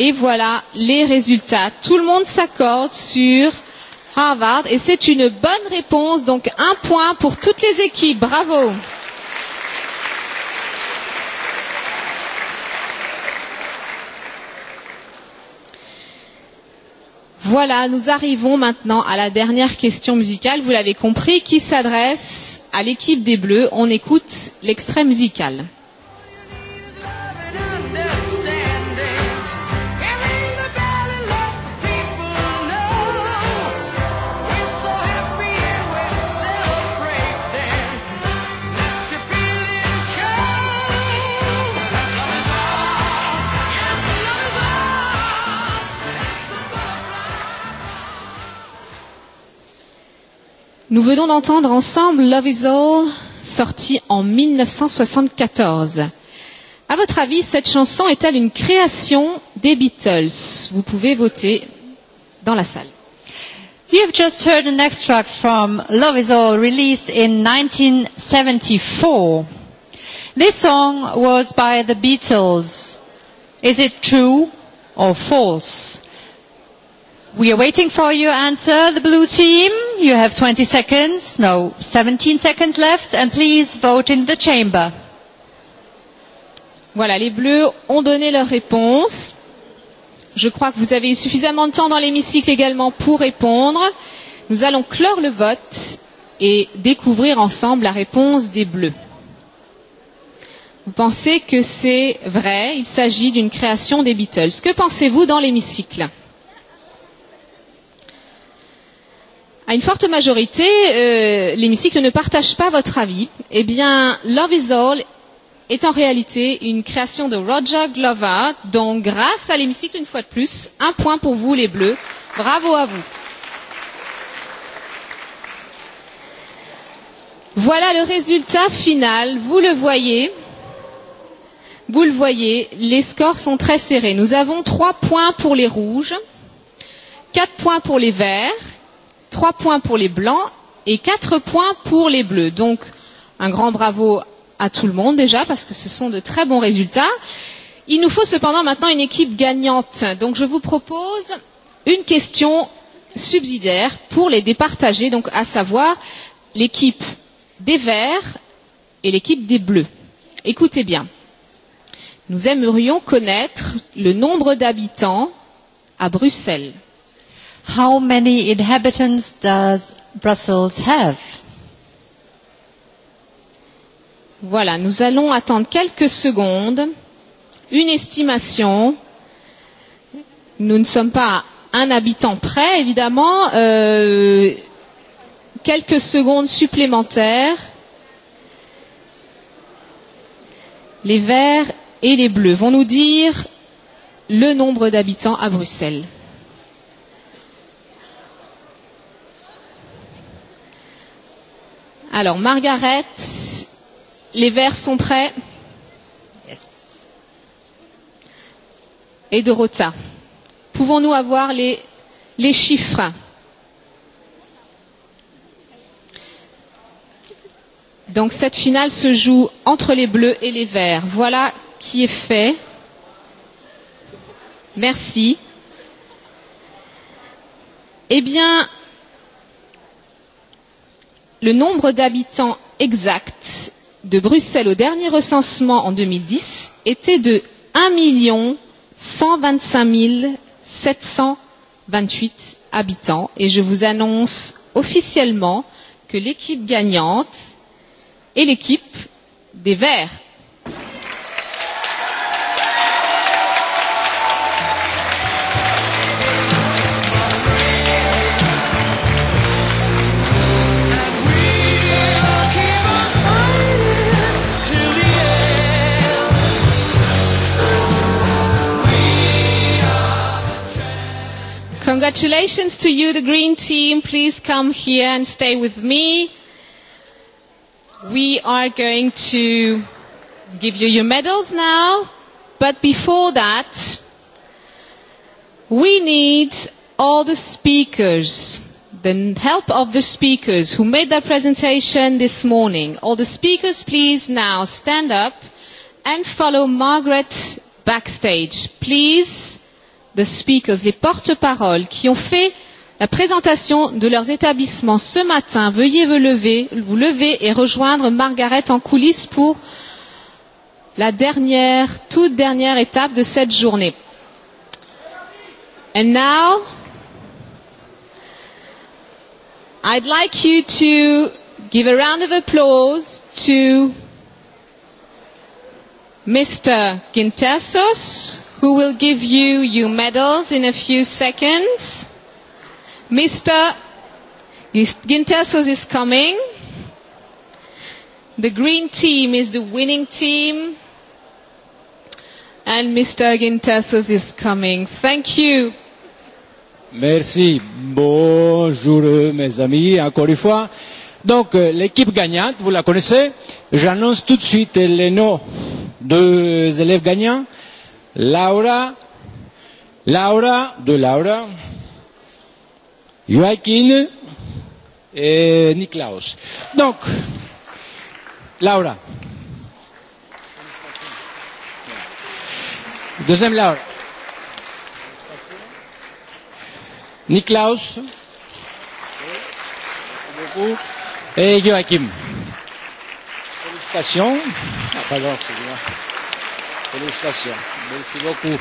Et voilà les résultats. Tout le monde s'accorde sur Harvard et c'est une bonne réponse. Donc un point pour toutes les équipes. Bravo. Voilà, nous arrivons maintenant à la dernière question musicale, vous l'avez compris, qui s'adresse à l'équipe des Bleus. On écoute l'extrait musical. Nous venons d'entendre ensemble Love is All, sorti en 1974. À votre avis, cette chanson est-elle une création des Beatles Vous pouvez voter dans la salle. have just heard an extract from Love is All released in 1974. This song was by the Beatles. Is it true or false? We are waiting for your answer, the blue team. You have 20 seconds, no, 17 seconds left, and please vote in the chamber. Voilà, les bleus ont donné leur réponse. Je crois que vous avez eu suffisamment de temps dans l'hémicycle également pour répondre. Nous allons clore le vote et découvrir ensemble la réponse des bleus. Vous pensez que c'est vrai, il s'agit d'une création des Beatles. Que pensez-vous dans l'hémicycle? à une forte majorité, euh, l'hémicycle ne partage pas votre avis, eh bien, Love is All est en réalité une création de Roger Glover. Donc, grâce à l'hémicycle, une fois de plus, un point pour vous, les Bleus. Bravo à vous. Voilà le résultat final. Vous le voyez. Vous le voyez, les scores sont très serrés. Nous avons trois points pour les rouges, quatre points pour les verts 3 points pour les blancs et 4 points pour les bleus. Donc un grand bravo à tout le monde déjà parce que ce sont de très bons résultats. Il nous faut cependant maintenant une équipe gagnante. Donc je vous propose une question subsidiaire pour les départager, donc à savoir l'équipe des Verts et l'équipe des Bleus. Écoutez bien. Nous aimerions connaître le nombre d'habitants à Bruxelles. How many inhabitants does Brussels have? Voilà, nous allons attendre quelques secondes. Une estimation. Nous ne sommes pas un habitant près, évidemment. Euh, quelques secondes supplémentaires. Les verts et les bleus vont nous dire le nombre d'habitants à Bruxelles. Alors, Margaret, les verts sont prêts Yes. Et Dorota. Pouvons-nous avoir les, les chiffres Donc cette finale se joue entre les bleus et les verts. Voilà qui est fait. Merci. Eh bien, le nombre d'habitants exact de Bruxelles au dernier recensement en 2010 était de 1 125 728 habitants et je vous annonce officiellement que l'équipe gagnante est l'équipe des Verts. Congratulations to you, the Green Team. Please come here and stay with me. We are going to give you your medals now. But before that, we need all the speakers, the help of the speakers who made their presentation this morning. All the speakers, please now stand up and follow Margaret backstage. Please the speakers, les porte-paroles qui ont fait la présentation de leurs établissements ce matin. Veuillez vous lever, vous lever et rejoindre Margaret en coulisses pour la dernière, toute dernière étape de cette journée. And now, I'd like you to give a round of applause to Mr. Quintessos who will give you your medals in a few seconds. Mr. Gintasos is coming. The green team is the winning team. And Mr. Gintasos is coming. Thank you. Merci. Bonjour mes amis, encore une fois. Donc euh, l'équipe gagnante, vous la connaissez. J'annonce tout de suite les noms des élèves gagnants. Laura, Laura de Laura, Joaquin et Niklaus. Donc, Laura. Deuxième Laura. Niklaus. Et Joachim. Félicitations. Ah, pardon, Félicitations. Merci beaucoup.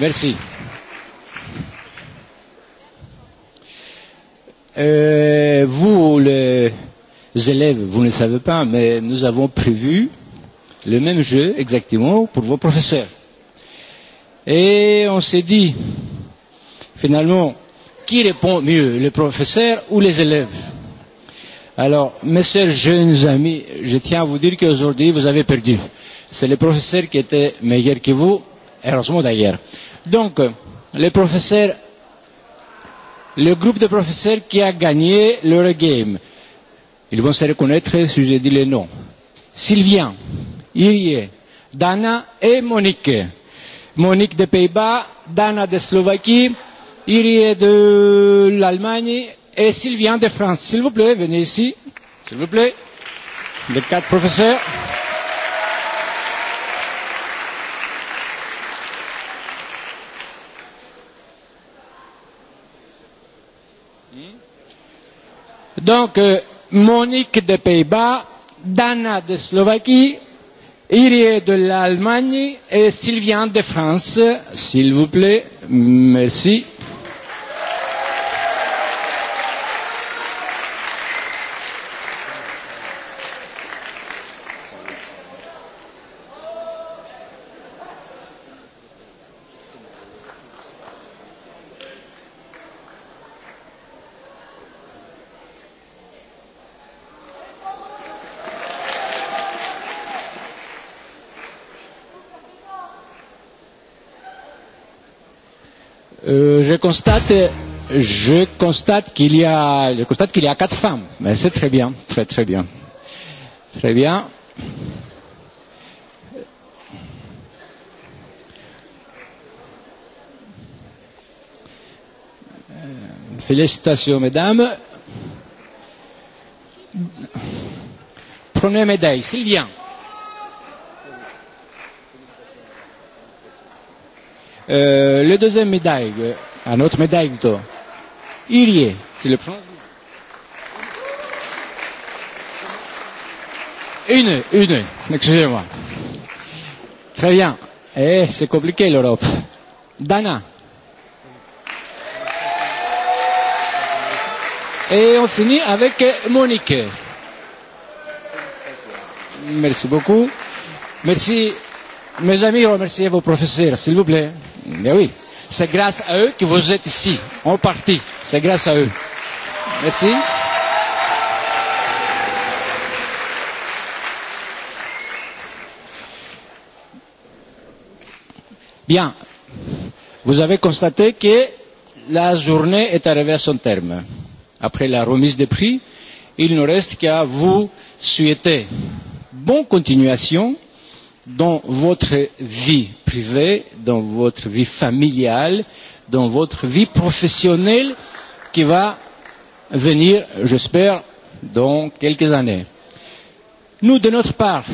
Merci. Euh, vous, les élèves, vous ne savez pas, mais nous avons prévu le même jeu exactement pour vos professeurs. Et on s'est dit, finalement, qui répond mieux, les professeurs ou les élèves Alors, mes chers jeunes amis, je tiens à vous dire qu'aujourd'hui, vous avez perdu. Euh, c'est le professeur qui était meilleur que vous, heureusement d'ailleurs. Donc, le professeur, le groupe de professeurs qui a gagné leur game, ils vont se reconnaître si je dis les noms. Sylvien, Irie, Dana et Monique. Monique des Pays-Bas, Dana de Slovaquie, Irie de l'Allemagne et Sylvien de France. S'il vous plaît, venez ici. S'il vous plaît. Les quatre professeurs. Donc, euh, Monique des Pays-Bas, Dana de Slovaquie, Irie de l'Allemagne et Sylviane de France. S'il vous plaît, merci. constate, je constate qu'il y a, je constate qu'il y a quatre femmes. Mais c'est très bien, très très bien, très bien. Euh, félicitations, mesdames. Première médaille, Sylvia. Euh, le deuxième médaille, Euh, à notre médaille plutôt. Irie, tu le prononces Une, une, excusez-moi. Très bien. Eh, c'est compliqué l'Europe. Dana. Et on finit avec Monique. Merci beaucoup. Merci, mes amis, remerciez vos professeurs, s'il vous plaît. Eh oui. C'est grâce à eux que vous êtes ici, en partie. C'est grâce à eux. Merci. Bien. Vous avez constaté que la journée est arrivée à son terme. Après la remise des prix, il ne reste qu'à vous souhaiter bonne continuation dans votre vie privée, dans votre vie familiale, dans votre vie professionnelle qui va venir, j'espère, dans quelques années. Nous, de notre part,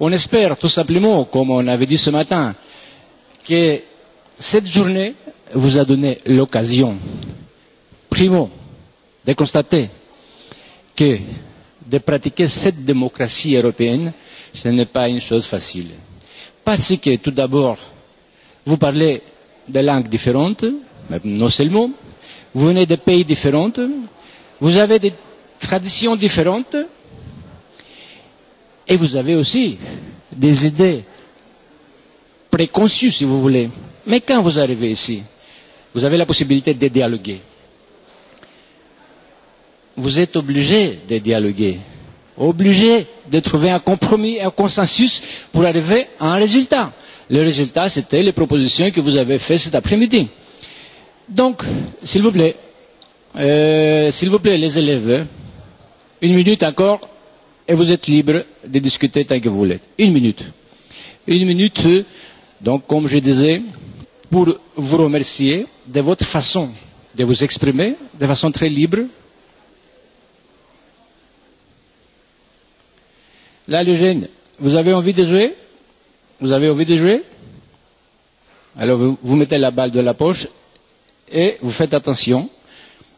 on espère tout simplement, comme on avait dit ce matin, que cette journée vous a donné l'occasion, primo, de constater que de pratiquer cette démocratie européenne ce n'est pas une chose facile. Parce que tout d'abord, vous parlez des langues différentes, mais non seulement, vous venez de pays différents, vous avez des traditions différentes, et vous avez aussi des idées préconçues, si vous voulez. Mais quand vous arrivez ici, vous avez la possibilité de dialoguer. Vous êtes obligé de dialoguer obligé de trouver un compromis, un consensus pour arriver à un résultat. Le résultat, c'était les propositions que vous avez faites cet après-midi. Donc, s'il vous plaît, euh, s'il vous plaît, les élèves, une minute encore, et vous êtes libre de discuter tant que vous voulez. Une minute. Une minute, donc, comme je disais, pour vous remercier de votre façon de vous exprimer de façon très libre, Là, les jeunes, vous avez envie de jouer Vous avez envie de jouer Alors, vous, vous mettez la balle de la poche et vous faites attention.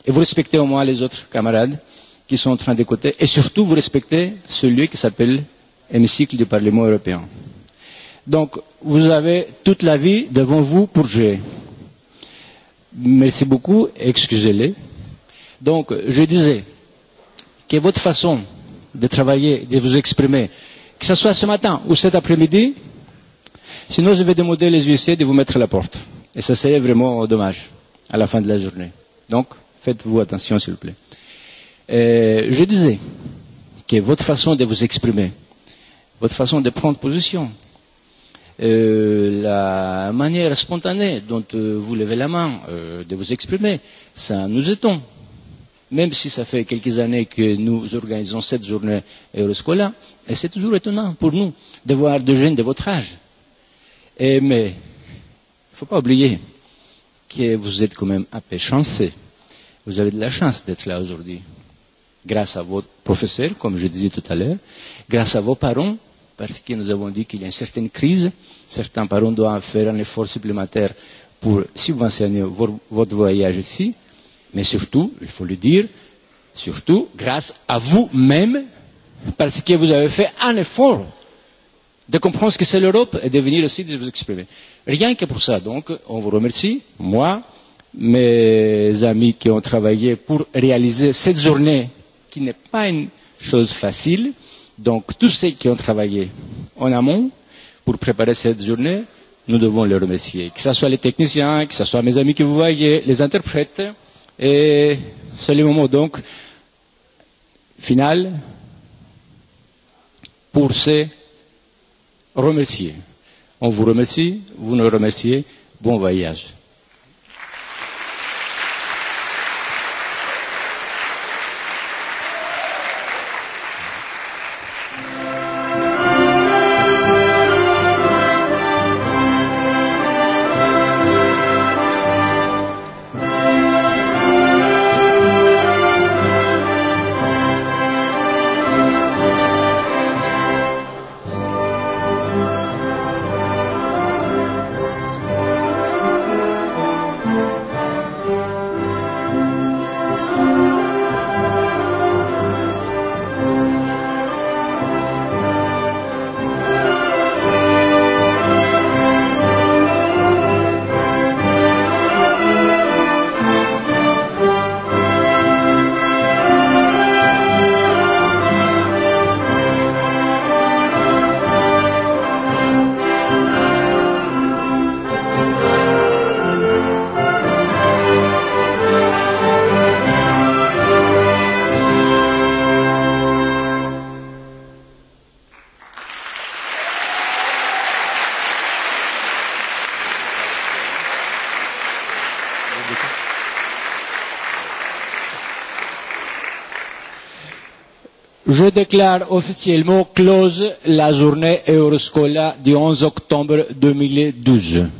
Et vous respectez au moins les autres camarades qui sont en train d'écouter. Et surtout, vous respectez ce lieu qui s'appelle hémicycle du Parlement européen. Donc, vous avez toute la vie devant vous pour jouer. Merci beaucoup, excusez-les. Donc, je disais que votre façon de travailler, de vous exprimer, que ce soit ce matin ou cet après-midi, sinon je vais demander les huissiers de vous mettre à la porte. Et ça serait vraiment dommage à la fin de la journée. Donc, faites-vous attention, s'il vous plaît. Et euh, je disais que votre façon de vous exprimer, votre façon de prendre position, euh, la manière spontanée dont euh, vous levez la main, euh, de vous exprimer, ça nous étonne même si ça fait quelques années que nous organisons cette journée Euroscola, et c'est toujours étonnant pour nous de voir des jeunes de votre âge. Et, mais il ne faut pas oublier que vous êtes quand même un peu chanceux. Vous avez de la chance d'être là aujourd'hui, grâce à vos professeurs, comme je disais tout à l'heure, grâce à vos parents, parce que nous avons dit qu'il y a une certaine crise, certains parents doivent faire un effort supplémentaire pour subventionner votre voyage ici mais surtout, il faut le dire, surtout grâce à vous-même, parce que vous avez fait un effort de comprendre ce que c'est l'Europe et de venir aussi de vous exprimer. Rien que pour ça, donc, on vous remercie, moi, mes amis qui ont travaillé pour réaliser cette journée qui n'est pas une chose facile. Donc, tous ceux qui ont travaillé en amont pour préparer cette journée, nous devons les remercier. Que ce soit les techniciens, que ce soit mes amis que vous voyez, les interprètes, Et c'est le moment donc final pour se remercier. On vous remercie, vous nous remerciez. Bon voyage. déclare officiellement close la journée Euroscola du 11 octobre 2012.